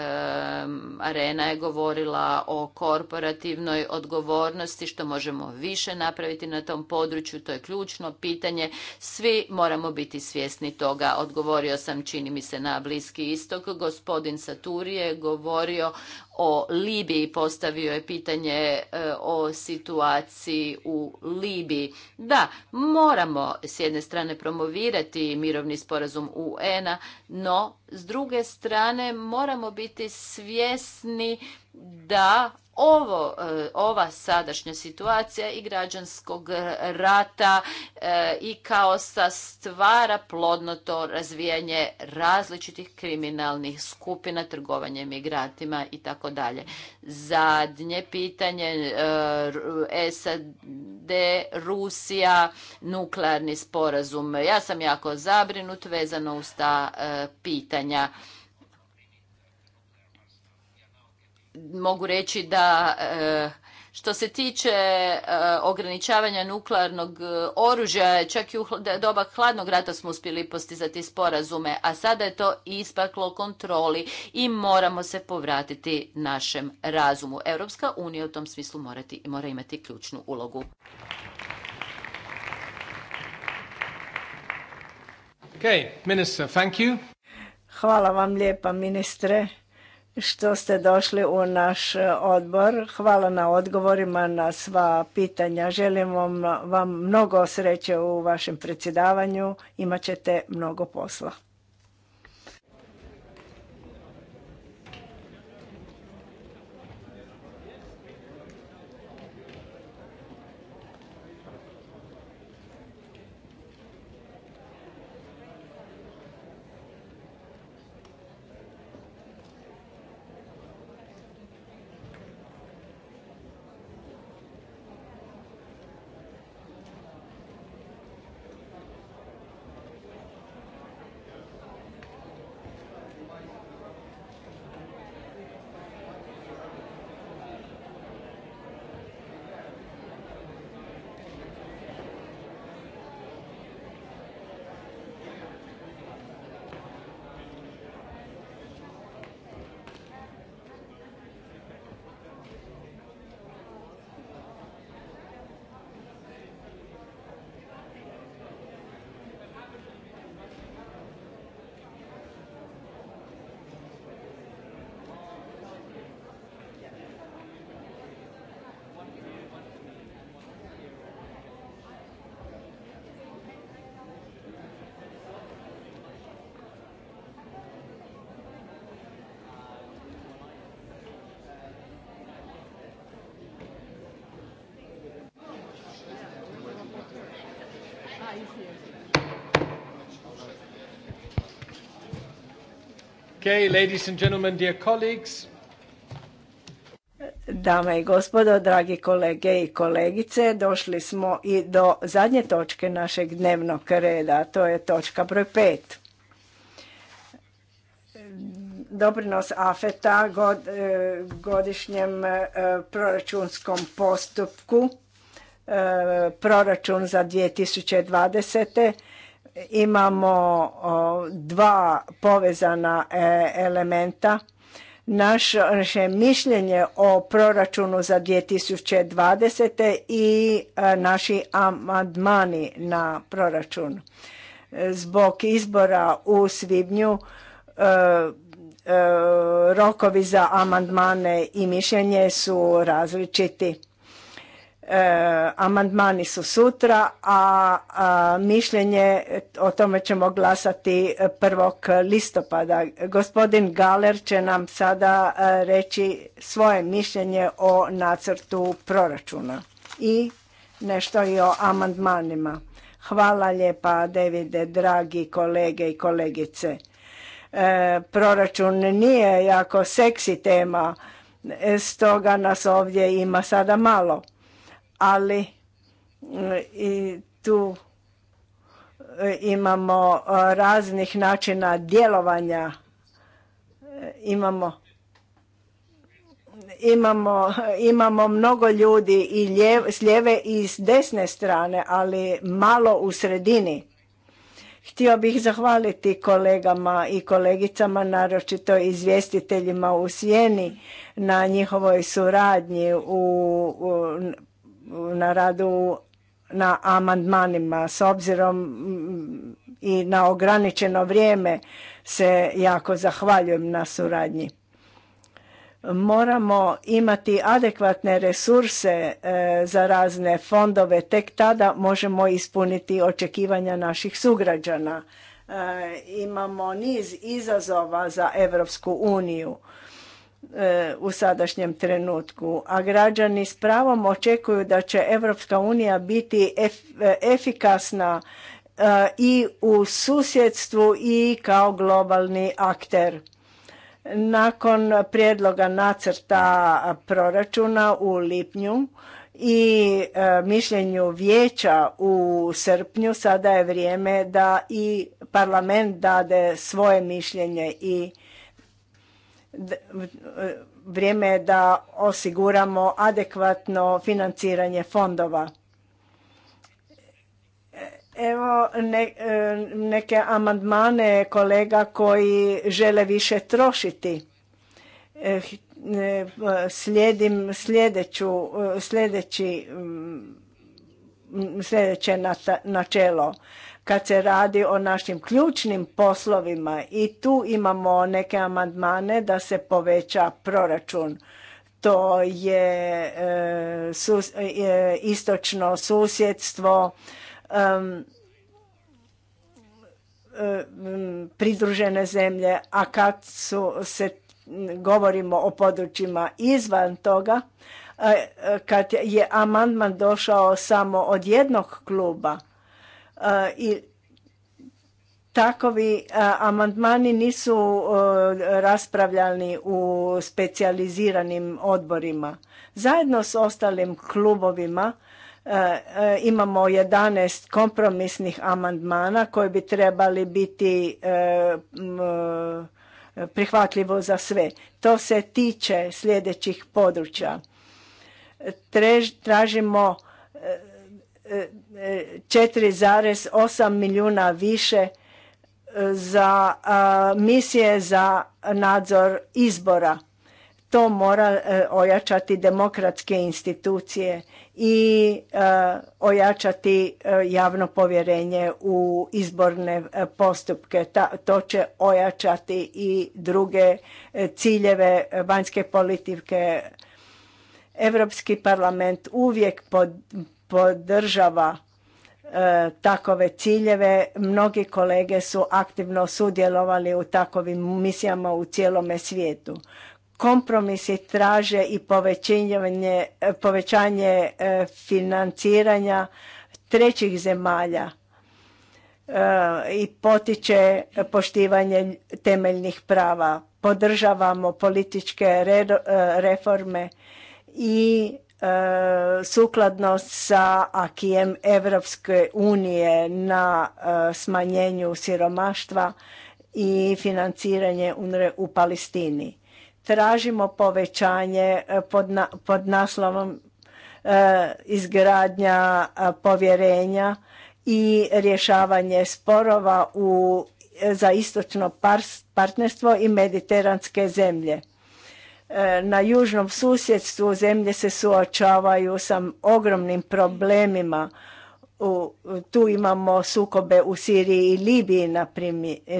Arena je govorila o korporativnoj odgovornosti, što možemo više napraviti na tom području, to je ključno pitanje. Svi moramo biti svjesni toga. Odgovorio sam, čini mi se, na Bliski istok. Gospodin Saturi je govorio o Libiji postavio je pitanje e, o situaciji u Libiji. Da, moramo s jedne strane promovirati mirovni sporazum UN-a, no s druge strane moramo biti svjesni da ovo, e, ova sadašnja situacija i građanskog rata e, i kaosa stvara plodno to razvijanje različitih kriminalnih skupina, trgovanje migrantima i tako dalje. Zadnje pitanje e, SAD, Rusija, nuklearni sporazum. Ja sam jako zabrinut vezano uz ta pitanja. mogu reći da e, što se tiče e, ograničavanja nuklearnog e, oružja, čak i u doba hladnog rata smo uspjeli postizati sporazume, a sada je to ispaklo kontroli i moramo se povratiti našem razumu. Europska unija u tom smislu mora imati ključnu ulogu. Hvala vam lijepa ministre što ste došli u naš e, odbor. Hvala na odgovorima na sva pitanja. Želim vam mnogo sreće u vašem predsjedavanju. Imaćete mnogo posla. Okay, ladies and gentlemen, dear colleagues. Dame i gospodo, dragi kolege i kolegice, došli smo i do zadnje točke našeg dnevnog reda, to je točka broj 5. Doprinos AFETA god, e, godišnjem e, proračunskom postupku, e, proračun za 2020 imamo dva povezana e, elementa. Naše mišljenje o proračunu za 2020. i e, naši amandmani na proračun. Zbog izbora u Svibnju e, rokovi za amandmane i mišljenje su različiti Eh, amandmani su sutra, a, mišljenje o tome ćemo glasati 1. Eh, listopada. Gospodin Galer će nam sada eh, reći svoje mišljenje o nacrtu proračuna i nešto i o amandmanima. Hvala lijepa, Davide, dragi kolege i kolegice. proračun nije jako seksi tema, stoga nas ovdje ima sada malo ali i tu e, imamo e, raznih načina djelovanja e, imamo imamo, imamo mnogo ljudi i s lijeve i s desne strane, ali malo u sredini. Htio bih zahvaliti kolegama i kolegicama, naročito izvjestiteljima u Sjeni, na njihovoj suradnji u na radu na amandmanima s obzirom mm, i na ograničeno vrijeme se jako zahvaljujem na suradnji. Moramo imati adekvatne resurse e, za razne fondove, tek tada možemo ispuniti očekivanja naših sugrađana. E, imamo niz izazova za Europsku uniju E, u sadašnjem trenutku, a građani s pravom očekuju da će Europska unija biti e, efikasna e, i u susjedstvu i kao globalni akter. Nakon prijedloga nacrta proračuna u lipnju i mišljenju vijeća u srpnju sada je vrijeme da i parlament dade svoje mišljenje i vrijeme je da osiguramo adekvatno financiranje fondova. Evo e, neke amandmane kolega koji žele više trošiti. E, e, slijedim sljedeću, sljedeći, sljedeće načelo kad se radi o našim ključnim poslovima i tu imamo neke amandmane da se poveća proračun. To je e, e, istočno susjedstvo, pridružene zemlje, a kad su se govorimo o područjima izvan toga, e, kad je amandman došao samo od jednog kluba, i takovi e, amandmani nisu e, raspravljani u specijaliziranim odborima. Zajedno s ostalim klubovima e, imamo 11 kompromisnih amandmana koji bi trebali biti prihvatljivo za sve. To se tiče sljedećih područja. Tražimo 4,8 milijuna više e, za misije za nadzor izbora. To mora e, ojačati demokratske institucije i e, ojačati javno povjerenje u izborne postupke. To će ojačati i druge ciljeve vanjske politike. Europski parlament uvijek pod podržava e, takove ciljeve. Mnogi kolege su aktivno sudjelovali u takovim misijama u cijelome svijetu. Kompromisi traže i povećanje, povećanje e, financiranja trećih zemalja e, i potiče poštivanje temeljnih prava. Podržavamo političke reforme i E, sukladno sa akijem Evropske unije na e, smanjenju siromaštva i financiranje UNRE u Palestini. Tražimo povećanje e, pod, na, naslovom izgradnja povjerenja i rješavanje sporova u, za istočno partnerstvo i mediteranske zemlje. E, na južnom susjedstvu zemlje se suočavaju sa ogromnim problemima. tu imamo sukobe u Siriji i Libiji,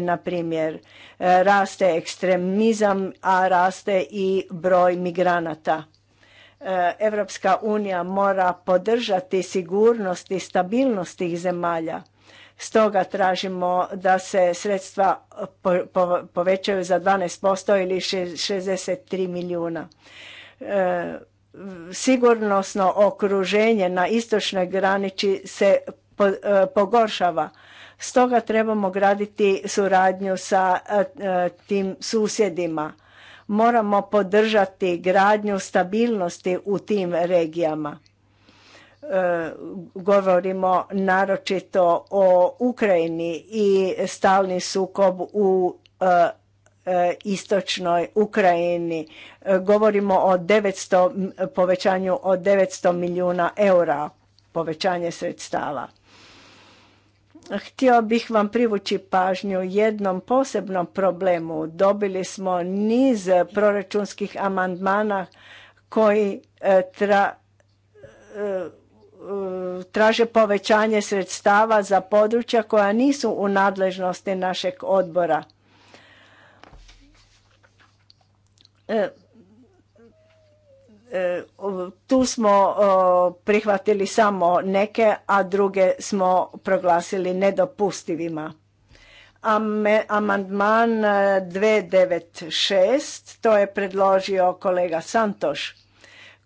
na primjer. E, raste ekstremizam, a raste i broj migranata. E, Evropska unija mora podržati sigurnost i stabilnost tih zemalja Stoga tražimo da se sredstva povećaju za 12% ili 63 milijuna. E, sigurnosno okruženje na istočnoj granici se e, pogoršava. Stoga trebamo graditi suradnju sa e, tim susjedima. Moramo podržati gradnju stabilnosti u tim regijama E, govorimo naročito o Ukrajini i stalni sukob u e, e, istočnoj Ukrajini. Govorimo o 900, povećanju od 900 milijuna eura povećanje sredstava. Htio bih vam privući pažnju jednom posebnom problemu. Dobili smo niz proračunskih amandmana koji tra, E, traže povećanje sredstava za područja koja nisu u nadležnosti našeg odbora. E, e, tu smo prihvatili samo neke, a druge smo proglasili nedopustivima. Amandman 296, to je predložio kolega Santoš.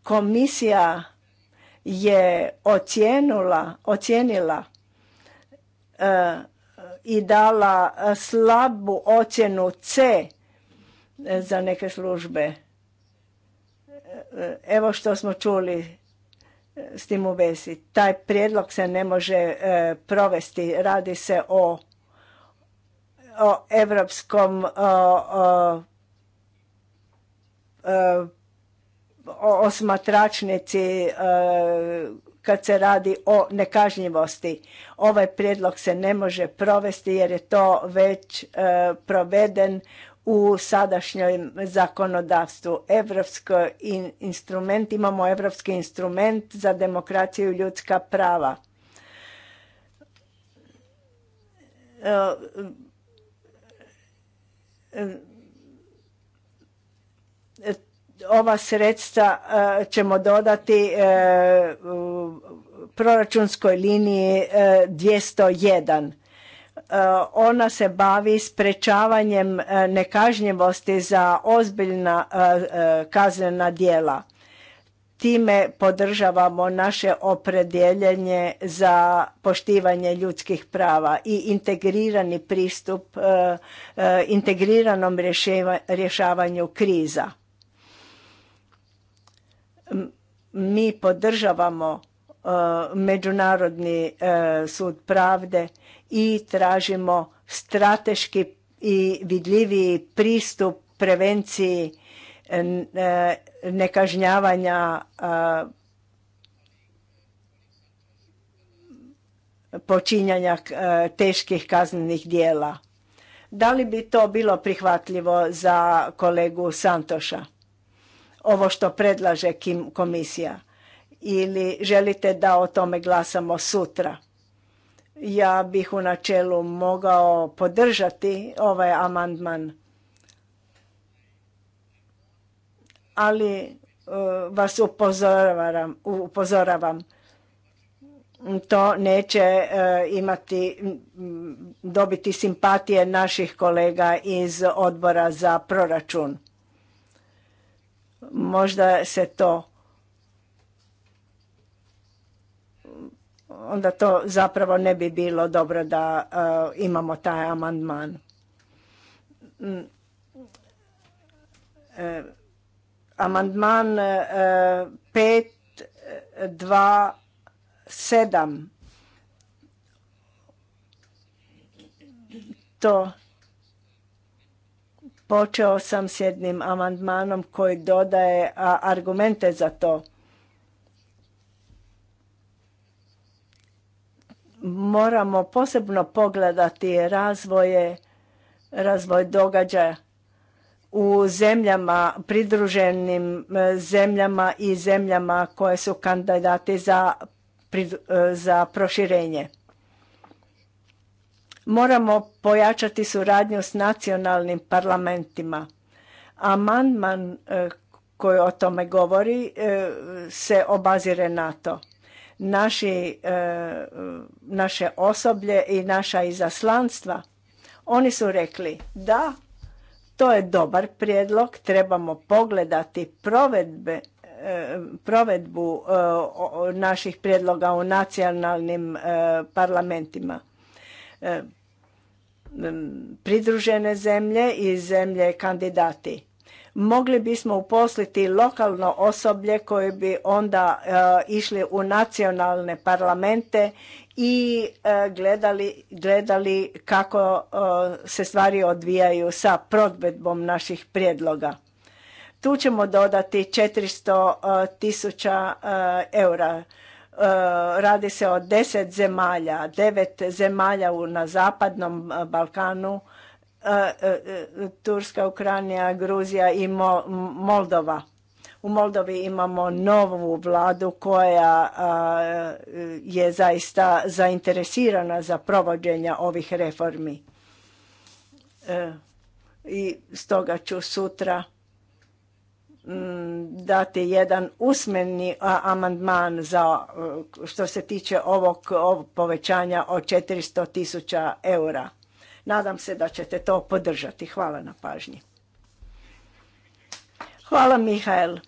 Komisija je ocijenula, ocijenila e, i dala slabu ocjenu C e, za neke službe. E, e, evo što smo čuli s tim u vezi. Taj prijedlog se ne može provesti. Radi se o, o evropskom osmatračnici e, kad se radi o nekažnjivosti. Ovaj prijedlog se ne može provesti jer je to već e, proveden u sadašnjem zakonodavstvu. Evropski instrument, imamo Evropski instrument za demokraciju i ljudska prava. E, ova sredstva e, ćemo dodati e, proračunskoj liniji 201. E, ona se bavi sprečavanjem nekažnjivosti za ozbiljna kaznena djela. Time podržavamo naše opredjeljenje za poštivanje ljudskih prava i integrirani pristup integriranom rješavanju kriza mi podržavamo e, Međunarodni e, sud pravde i tražimo strateški i vidljiviji pristup prevenciji e, nekažnjavanja počinjanja teških kaznenih dijela. Da li bi to bilo prihvatljivo za kolegu Santoša? ovo što predlaže Kim komisija ili želite da o tome glasamo sutra. Ja bih u načelu mogao podržati ovaj amandman. Ali e, vas upozoravam, upozoravam to neće e, imati dobiti simpatije naših kolega iz odbora za proračun Možda se to onda to zapravo ne bi bilo dobro da eh, imamo taj amandman. Mm. E, amandman e, eh, 527 to Počeo sam s jednim amandmanom koji dodaje argumente za to. Moramo posebno pogledati razvoje, razvoj događaja u zemljama, pridruženim e, zemljama i zemljama koje su kandidati za, e, za proširenje. Moramo pojačati suradnju s nacionalnim parlamentima. Amandman e, koji o tome govori e, se obazire na to. Naši, e, naše osoblje i naša izaslanstva, oni su rekli da, to je dobar prijedlog, trebamo pogledati provedbe, provedbu naših prijedloga u nacionalnim parlamentima pridružene zemlje i zemlje kandidati. Mogli bismo uposliti lokalno osoblje koje bi onda e, išli u nacionalne parlamente i e, gledali, gledali kako e, se stvari odvijaju sa prodbedbom naših prijedloga. Tu ćemo dodati 400 tisuća eura Eh, radi se o deset zemalja, devet zemalja na zapadnom eh, Balkanu, eh, Turska, Ukranija, Gruzija i Moldova. U Moldovi imamo novu vladu koja je zaista zainteresirana za provođenje ovih reformi. I stoga ću sutra Mm, dati jedan usmeni amandman za e, što se tiče ovog, povećanja od 400 tisuća eura. Nadam se da ćete to podržati. Hvala na pažnji. Hvala Mihael.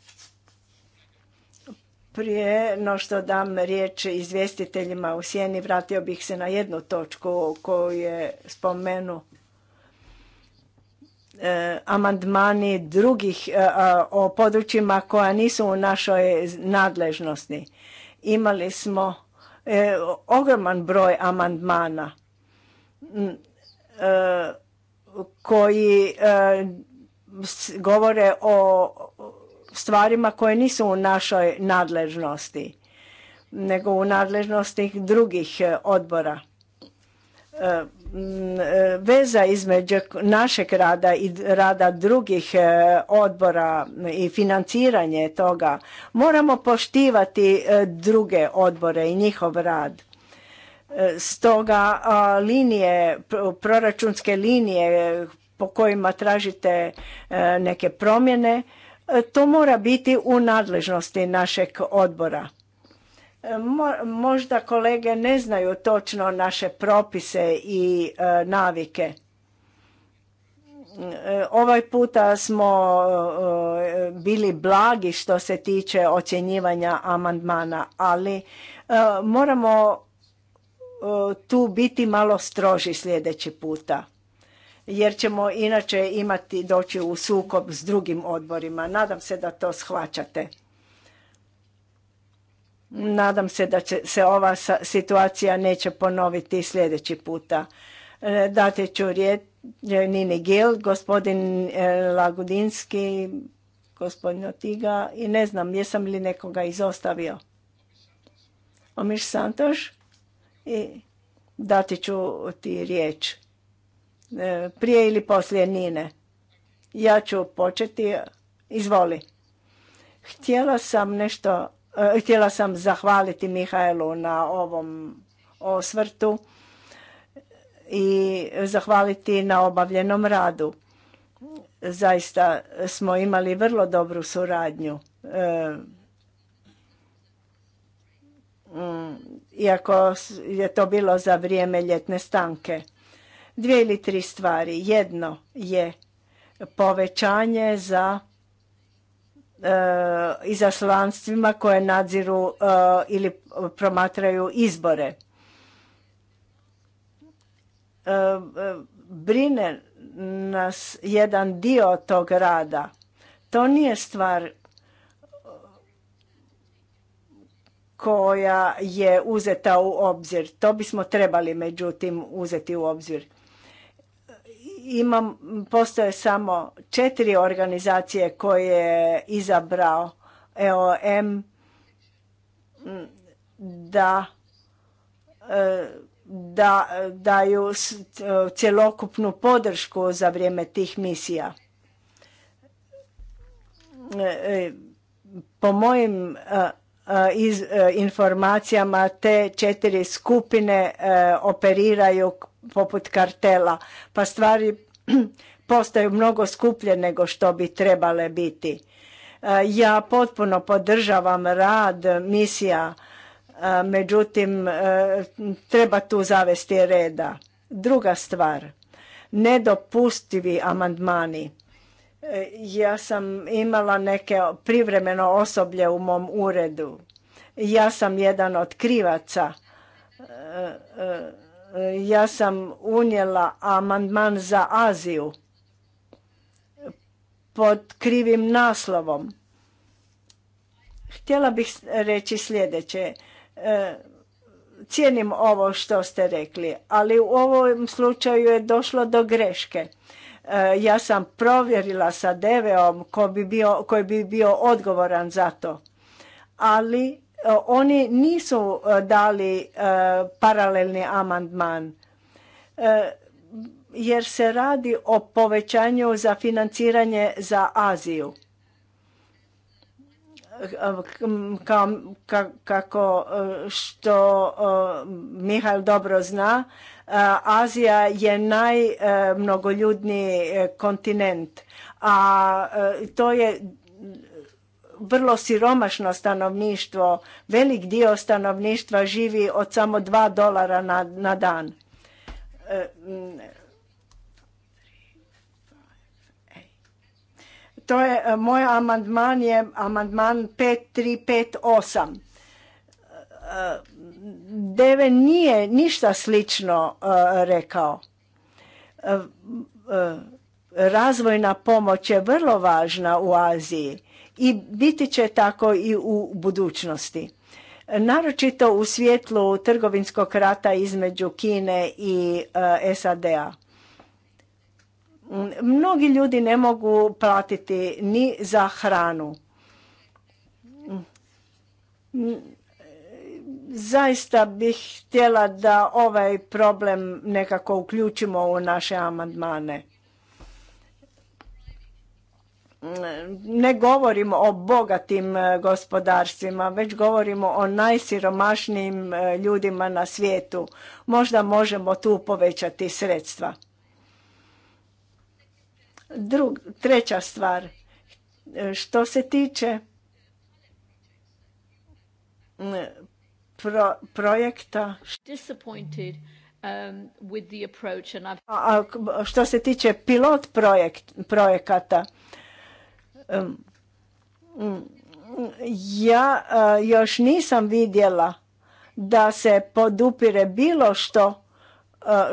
Prije no što dam riječ izvjestiteljima u sjeni, vratio bih se na jednu točku koju je spomenuo E, amandmani drugih e, o područjima koja nisu u našoj nadležnosti. Imali smo e, ogroman broj amandmana koji govore o stvarima koje nisu u našoj nadležnosti nego u nadležnosti drugih odbora. Mm, e, veza između našeg rada i rada drugih e, odbora i financiranje toga moramo poštivati e, druge odbore i njihov rad stoga linije proračunske linije po kojima tražite neke promjene to mora biti u nadležnosti našeg odbora Možda kolege ne znaju točno naše propise i e, navike. E, ovaj puta smo e, bili blagi što se tiče ocjenjivanja amandmana, ali moramo tu biti malo stroži sljedeći puta jer ćemo inače imati doći u sukob s drugim odborima. Nadam se da to shvaćate. Nadam se da će se ova situacija neće ponoviti sljedeći puta. E, dati ću riječ e, Nini Gil, gospodin e, Lagudinski, gospodin Otiga i ne znam jesam li nekoga izostavio. Omiš Santoš i dati ću ti riječ. Prije ili poslije Nine. Ja ću početi. Izvoli. Htjela sam nešto E, htjela sam zahvaliti Mihajlu na ovom osvrtu i zahvaliti na obavljenom radu. Zaista smo imali vrlo dobru suradnju. E, mm, iako je to bilo za vrijeme ljetne stanke. Dvije ili tri stvari. Jedno je povećanje za E, izaslanstvima koje nadziru e, ili promatraju izbore. E, brine nas jedan dio tog rada. To nije stvar koja je uzeta u obzir. To bismo trebali međutim uzeti u obzir imam, postoje samo četiri organizacije koje je izabrao EOM mm, da e, da daju cjelokupnu podršku za vrijeme tih misija. E, e, po mojim Eh, iz eh, informacijama te četiri skupine eh, operiraju poput kartela pa stvari postaju mnogo skuplje nego što bi trebale biti. Ja potpuno podržavam rad misija, međutim treba tu zavesti reda. Druga stvar, nedopustivi amandmani. E, ja sam imala neke privremeno osoblje u mom uredu. Ja sam jedan od krivaca. E, e, ja sam unijela amandman za Aziju pod krivim naslovom. Htjela bih reći sljedeće. Cijenim ovo što ste rekli, ali u ovom slučaju je došlo do greške. Eh, ja sam provjerila sa Deveom koji bi bio, koji bi bio odgovoran za to. Ali eh, oni nisu eh, dali paralelni amandman jer se radi o povećanju za financiranje za Aziju. kako što Mihajl dobro zna, Azija je najmnogoljudniji e, kontinent, a e, to je vrlo siromašno stanovništvo. Velik dio stanovništva živi od samo dva dolara na, na dan. E, to je, moj amandman je amandman 5358 Deve nije ništa slično uh, rekao. Uh, uh, razvojna pomoć je vrlo važna u Aziji i biti će tako i u budućnosti. Naročito u svjetlu trgovinskog rata između Kine i SAD-a. Mnogi ljudi ne mogu platiti ni za hranu Zaista bih htjela da ovaj problem nekako uključimo u naše amandmane. Ne govorimo o bogatim e, gospodarstvima, već govorimo o najsiromašnijim e, ljudima na svijetu. Možda možemo tu povećati sredstva. Drug, treća stvar, e, što se tiče projekta. što se tiče pilot projekata, um, ja još nisam vidjela da se podupire bilo što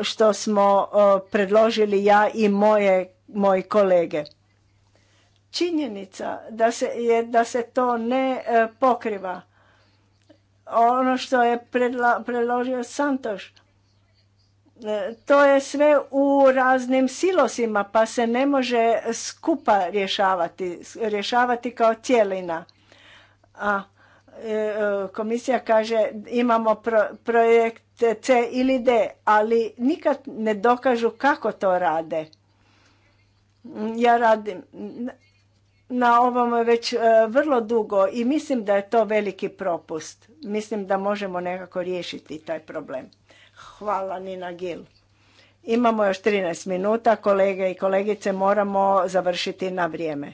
što smo predložili ja i moje, moji kolege. Činjenica da je da se to ne e, pokriva ono što je predla, predložio Santoš. E, to je sve u raznim silosima pa se ne može skupa rješavati, rješavati kao cijelina. A e, e, komisija kaže imamo projekt C ili D, ali nikad ne dokažu kako to rade. Ja radim, na ovom već e, vrlo dugo i mislim da je to veliki propust. Mislim da možemo nekako riješiti taj problem. Hvala Nina Gil. Imamo još 13 minuta, kolege i kolegice, moramo završiti na vrijeme.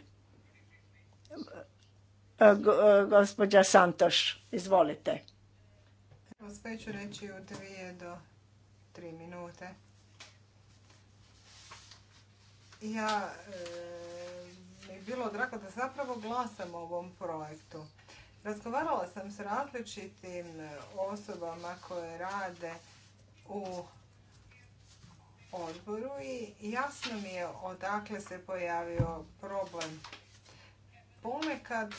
E, e, gospođa Santoš, izvolite. Sve reći u dvije do tri minute. Ja mi bilo drago da zapravo glasam o ovom projektu. Razgovarala sam s različitim e, osobama koje rade u odboru i jasno mi je odakle se pojavio problem. Ponekad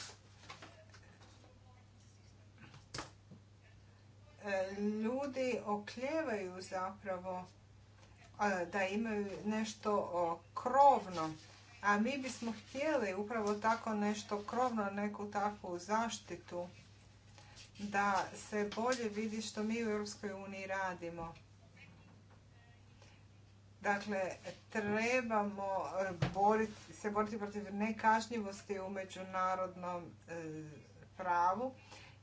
e, ljudi okljevaju zapravo da imaju nešto krovno a mi bismo htjeli upravo tako nešto krovno, neku takvu zaštitu da se bolje vidi što mi u Europskoj uniji radimo. Dakle, trebamo se boriti protiv nekažnjivosti u međunarodnom e, pravu.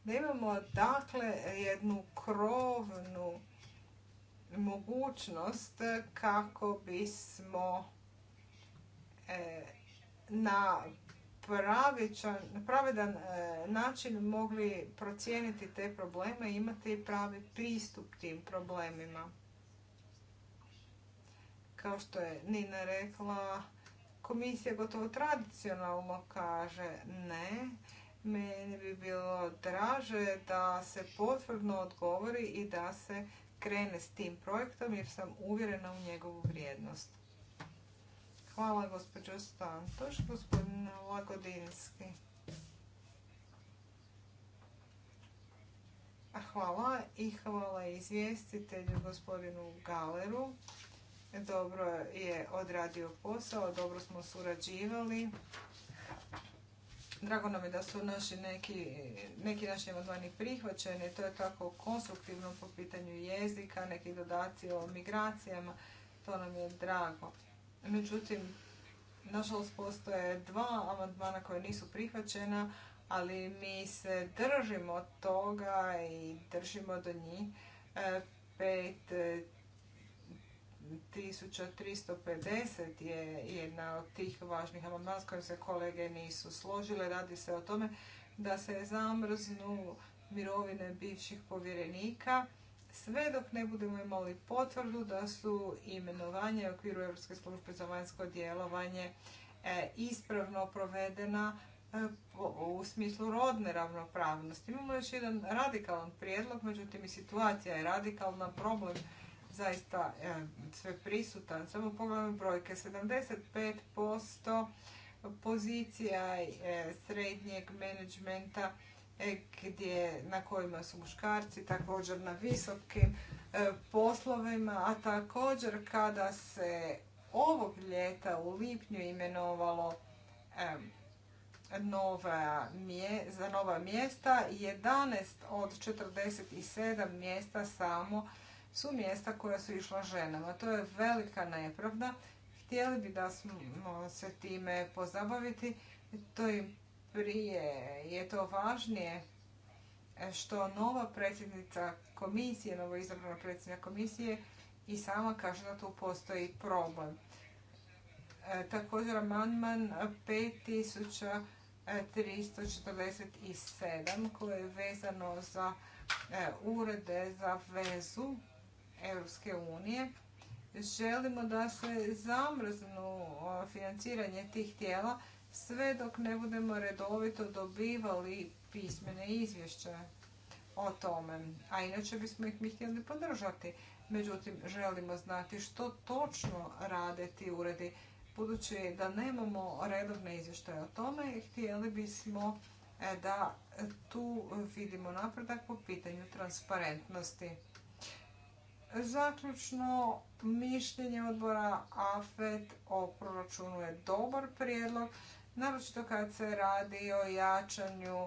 Da imamo dakle jednu krovnu mogućnost kako bismo na pravičan, pravedan e, način mogli procijeniti te probleme i imati pravi pristup tim problemima. Kao što je Nina rekla, komisija gotovo tradicionalno kaže ne. Meni bi bilo draže da se potvrdno odgovori i da se krene s tim projektom jer sam uvjerena u njegovu vrijednost. Hvala gospođo Stantoš, gospodin Lagodinski. Hvala i hvala izvjestitelju gospodinu Galeru. Dobro je odradio posao, dobro smo surađivali. Drago nam je da su naši neki, neki naši amandmani prihvaćeni, to je tako konstruktivno po pitanju jezika, neki dodaci o migracijama, to nam je drago. Međutim, nažalost postoje dva amandmana koja nisu prihvaćena, ali mi se držimo toga i držimo do njih. 5350 e, e, je jedna od tih važnih amandmana s kojim se kolege nisu složile. Radi se o tome da se zamrznu mirovine bivših povjerenika sve dok ne budemo imali potvrdu da su imenovanje u okviru Europske službe za vanjsko djelovanje e, ispravno provedena e, u smislu rodne ravnopravnosti. Imamo još jedan radikalan prijedlog, međutim i situacija je radikalna, problem zaista e, sve prisutan. Samo pogledamo brojke, 75% pozicija srednjeg menadžmenta E, gdje, na kojima su muškarci također na visokim e, poslovima, a također kada se ovog ljeta u lipnju imenovalo nova za nova mjesta, 11 od 47 mjesta samo su mjesta koja su išla ženama. To je velika nepravda. Htjeli bi da smo se time pozabaviti. To je prije je to važnije što nova predsjednica komisije, novo izabrana predsjednica komisije i sama kaže da tu postoji problem. E, također amandman 5347 koje je vezano za e, urede za vezu Europske unije. Želimo da se zamrznu financiranje tih tijela sve dok ne budemo redovito dobivali pismene izvješće o tome. A inače bismo ih mi htjeli podržati. Međutim, želimo znati što točno rade ti uredi. Budući da nemamo redovne izvještaje o tome, htjeli bismo e, da tu vidimo napredak po pitanju transparentnosti. Zaključno, mišljenje odbora AFET o proračunu je dobar prijedlog naročito kad se radi o jačanju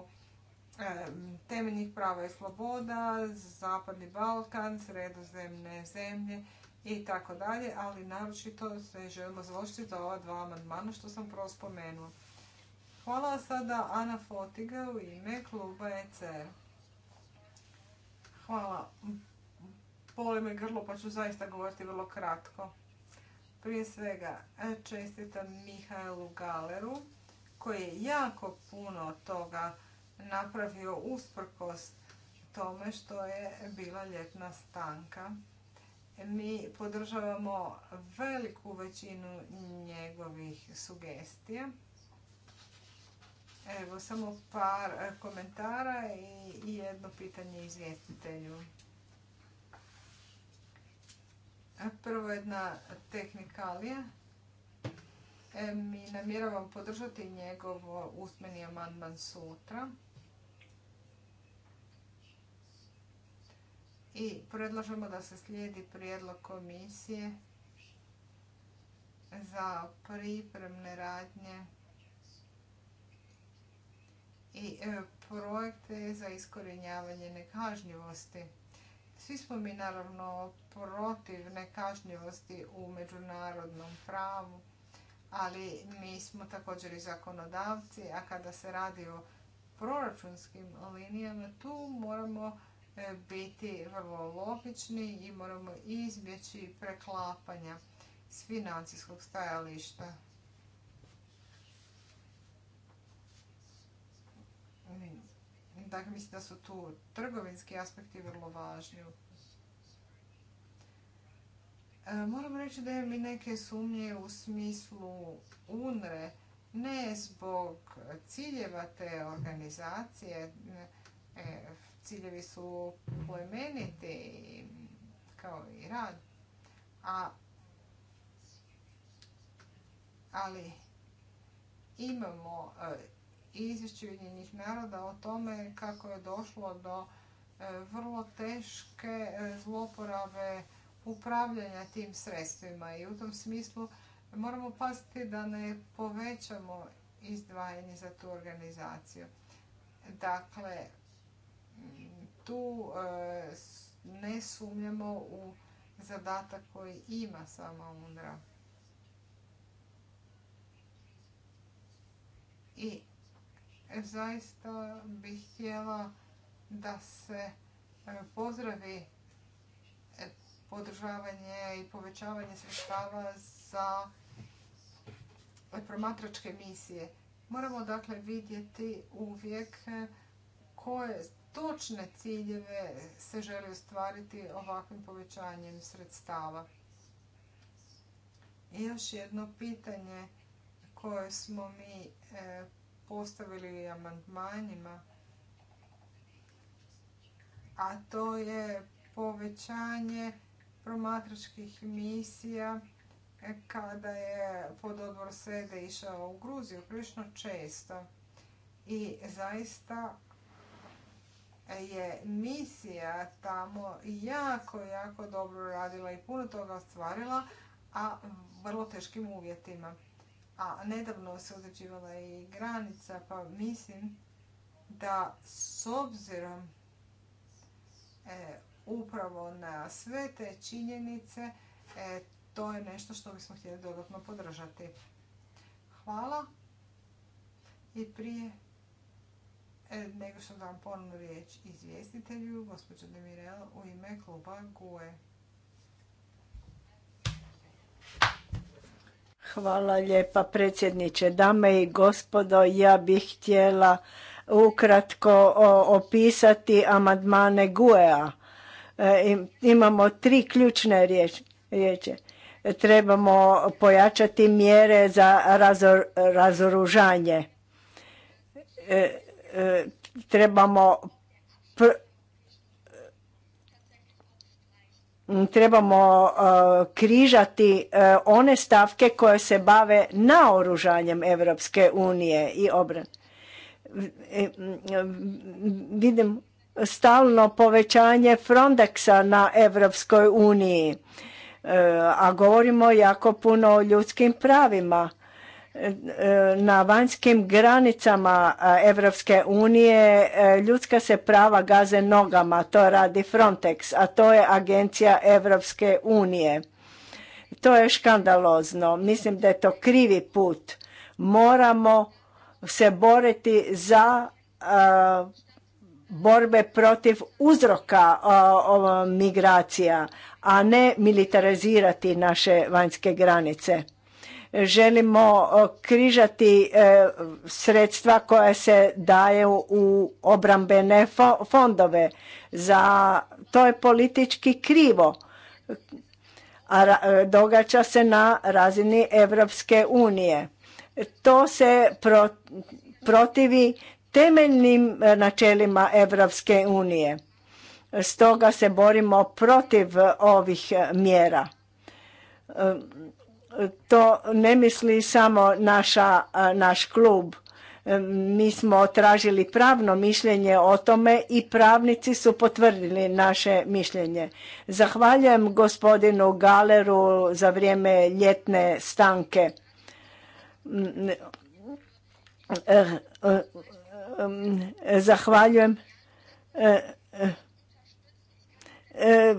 temeljnih prava i sloboda, Zapadni Balkan, sredozemne zemlje i tako dalje, ali naročito se želimo založiti za ova dva amandmana što sam prvo spomenula. Hvala sada Ana Fotiga u ime kluba ECR. Hvala. Boli me grlo pa ću zaista govoriti vrlo kratko. Prije svega čestitam Mihajlu Galeru koji je jako puno toga napravio usprkos tome što je bila ljetna stanka. Mi podržavamo veliku većinu njegovih sugestija. Evo samo par komentara i jedno pitanje izvjestitelju. Prvo jedna tehnikalija. Mi namjeravam podržati njegov usmeni amandman sutra. I predlažemo da se slijedi prijedlog komisije za pripremne radnje i e, projekte za iskorjenjavanje nekažnjivosti. Svi smo mi naravno protiv nekažnjivosti u međunarodnom pravu ali mi smo također i zakonodavci, a kada se radi o proračunskim linijama, tu moramo e, biti vrlo logični i moramo izbjeći preklapanja s financijskog stajališta. Dakle, mislim da su tu trgovinski aspekti vrlo važni E, moram reći da je i neke sumnje u smislu UNRE, ne zbog ciljeva te organizacije, e, ciljevi su plemeniti kao i rad, ali imamo e, izvješće Ujedinjenih naroda o tome kako je došlo do vrlo teške zloporabe upravljanja tim sredstvima i u tom smislu moramo paziti da ne povećamo izdvajanje za tu organizaciju. Dakle, tu e, ne sumljamo u zadatak koji ima sama UNRA. I zaista bih htjela da se e, pozdravi Održavanje i povećavanje sredstava za promatračke misije. Moramo dakle vidjeti uvijek koje točne ciljeve se želi ostvariti ovakvim povećanjem sredstava. I još jedno pitanje koje smo mi e, postavili amandmanima, a to je povećanje promatračkih misija e, kada je pod odvor sede išao u Gruziju prilično često i zaista je misija tamo jako, jako dobro radila i puno toga ostvarila, a vrlo teškim uvjetima. A nedavno se određivala i granica, pa mislim da s obzirom e, upravo na sve te činjenice, e, to je nešto što bismo htjeli dodatno podržati. Hvala. I prije e, nego što dam ponovno riječ izvjestitelju, gospođo Demirel, u ime kluba GUE. Hvala lijepa predsjedniče. Dame i gospodo, ja bih htjela ukratko opisati amandmane GUE-a E, imamo tri ključne riječi. Trebamo pojačati mjere za razoružanje. E, e, trebamo trebamo križati one stavke koje se bave naoružanjem Europske unije i obran. Vidim stalno povećanje Frontexa na Evropskoj uniji, e, a govorimo jako puno o ljudskim pravima. E, na vanjskim granicama e, Evropske unije ljudska se prava gaze nogama, to radi Frontex, a to je agencija Evropske unije. To je škandalozno. mislim da je to krivi put. Moramo se boriti za borbe protiv uzroka migracija, a ne militarizirati naše vanjske granice. Želimo križati e, sredstva koja se daju u obrambene fondove. Za to je politički krivo. A e, događa se na razini europske unije. To se protivi temeljnim e, načelima Evropske unije. Stoga se borimo protiv e, ovih e, mjera. To ne misli samo naša, naš klub. Mi smo tražili pravno mišljenje o tome i pravnici su potvrdili naše mišljenje. Zahvaljujem gospodinu Galeru za vrijeme ljetne stanke mm, Zahvaljujem. E, e, e,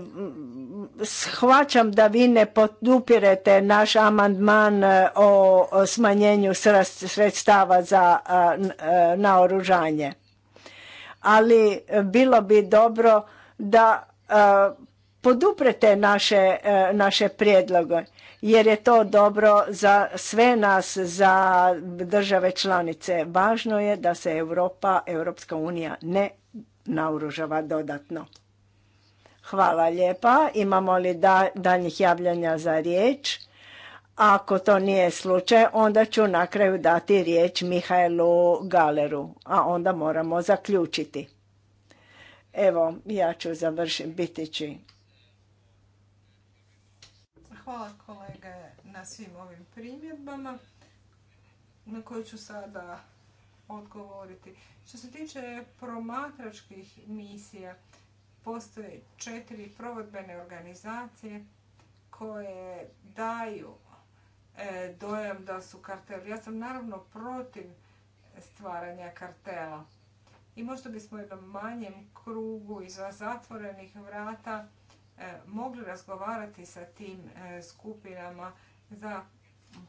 shvaćam da vi ne podupirete naš amandman o, smanjenju sredstava za naoružanje. Ali bilo bi dobro da poduprete naše prijedloge jer je to dobro za sve nas, za države članice. Važno je da se Europa, Europska unija ne naoružava dodatno. Hvala lijepa. Imamo li da, javljanja za riječ? Ako to nije slučaj, onda ću na kraju dati riječ Mihajlu Galeru, a onda moramo zaključiti. Evo, ja ću završiti, biti Hvala kolege na svim ovim primjedbama na koje ću sada odgovoriti. Što se tiče promatračkih misija, postoje četiri provodbene organizacije koje daju e, dojam da su karteli. Ja sam naravno protiv stvaranja kartela. I možda bismo jednom manjem krugu iza zatvorenih vrata E, mogli razgovarati sa tim e, skupinama za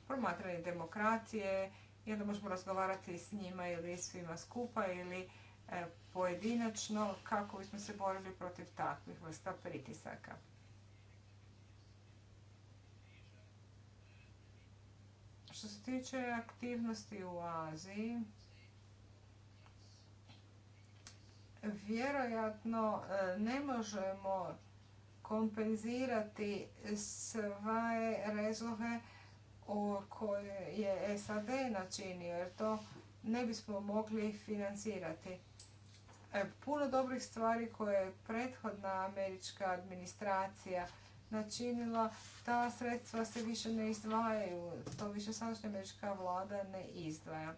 promatranje demokracije i da možemo razgovarati s njima ili svima skupa ili e, pojedinačno kako bismo se borili protiv takvih vrsta pritisaka. Što se tiče aktivnosti u Aziji, vjerojatno ne možemo kompenzirati sve rezove koje je SAD načinio, jer to ne bismo mogli financirati. E, puno dobrih stvari koje je prethodna američka administracija načinila, ta sredstva se više ne izdvajaju, to više sadašnja američka vlada ne izdvaja.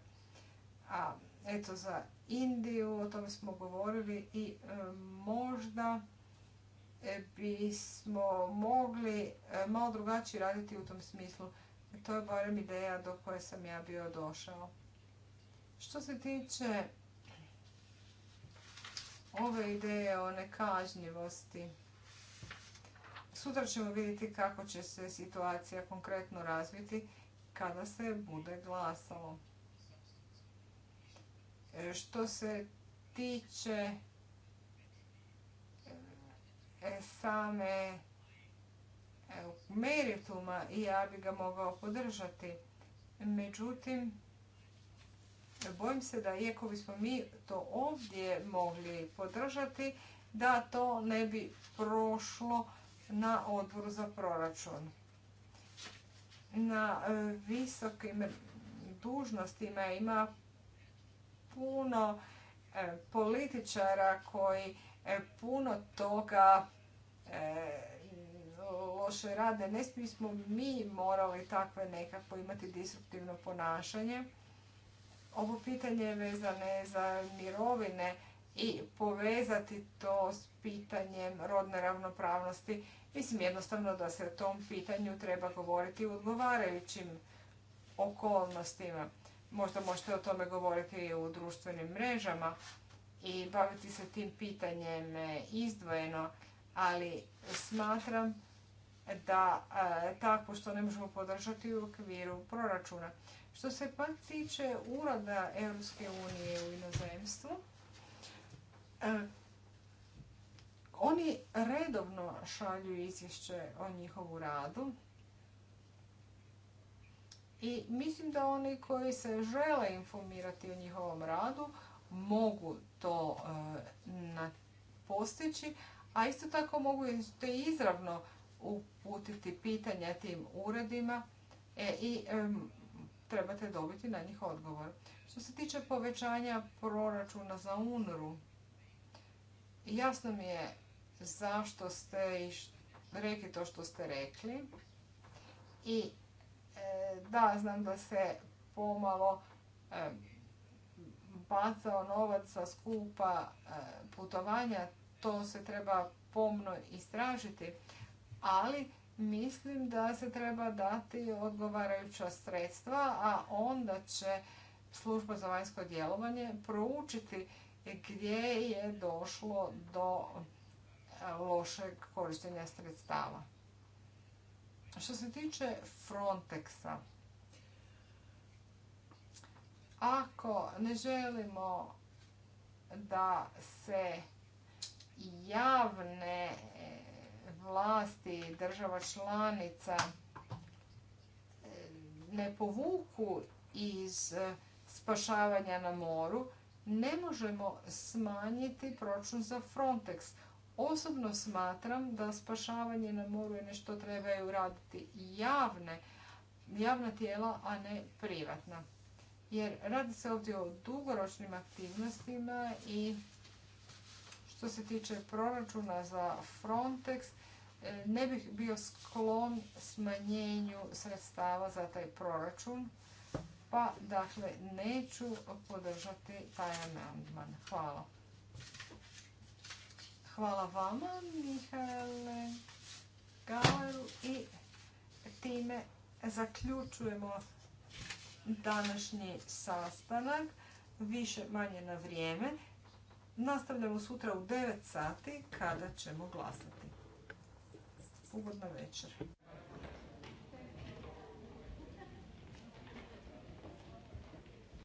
A eto za Indiju, o tome smo govorili i e, možda E, bismo mogli e, malo drugačije raditi u tom smislu. To je barem ideja do koje sam ja bio došao. Što se tiče ove ideje o nekažnjivosti, sutra ćemo vidjeti kako će se situacija konkretno razviti kada se bude glasalo. E, što se tiče E, same e, merituma i ja bi ga mogao podržati. Međutim, bojim se da iako bismo mi to ovdje mogli podržati, da to ne bi prošlo na odboru za proračun. Na e, visokim dužnostima ima puno političara koji puno toga E, loše rade. Ne smo mi morali takve nekako imati disruptivno ponašanje. Ovo pitanje vezane za mirovine i povezati to s pitanjem rodne ravnopravnosti. Mislim jednostavno da se o tom pitanju treba govoriti u odgovarajućim okolnostima. Možda možete o tome govoriti i u društvenim mrežama i baviti se tim pitanjem izdvojeno ali smatram da e, tako što ne možemo podržati u okviru proračuna. Što se pak tiče urada Europske unije u inozemstvu, e, oni redovno šalju izvješće o njihovu radu i mislim da oni koji se žele informirati o njihovom radu mogu to e, postići, a isto tako mogu te izravno uputiti pitanja tim uredima e, i trebate dobiti na njih odgovor. Što se tiče povećanja proračuna za UNRU, jasno mi je zašto ste rekli to što ste rekli. I e, da, znam da se pomalo bacao novac sa skupa e, putovanja to se treba pomno istražiti, ali mislim da se treba dati odgovarajuća sredstva, a onda će služba za vanjsko djelovanje proučiti gdje je došlo do e, lošeg korištenja sredstava. Što se tiče Frontexa, ako ne želimo da se javne e, vlasti država članica e, ne povuku iz e, spašavanja na moru, ne možemo smanjiti proračun za Frontex. Osobno smatram da spašavanje na moru je nešto trebaju raditi javne, javna tijela, a ne privatna. Jer radi se ovdje o dugoročnim aktivnostima i što se tiče proračuna za Frontex, e, ne bih bio sklon smanjenju sredstava za taj proračun, pa dakle neću podržati taj amandman. Hvala. Hvala vama, Mihajle i time zaključujemo današnji sastanak više manje na vrijeme. Nastavljamo sutra u 9 sati kada ćemo glasati. Ugodna večer.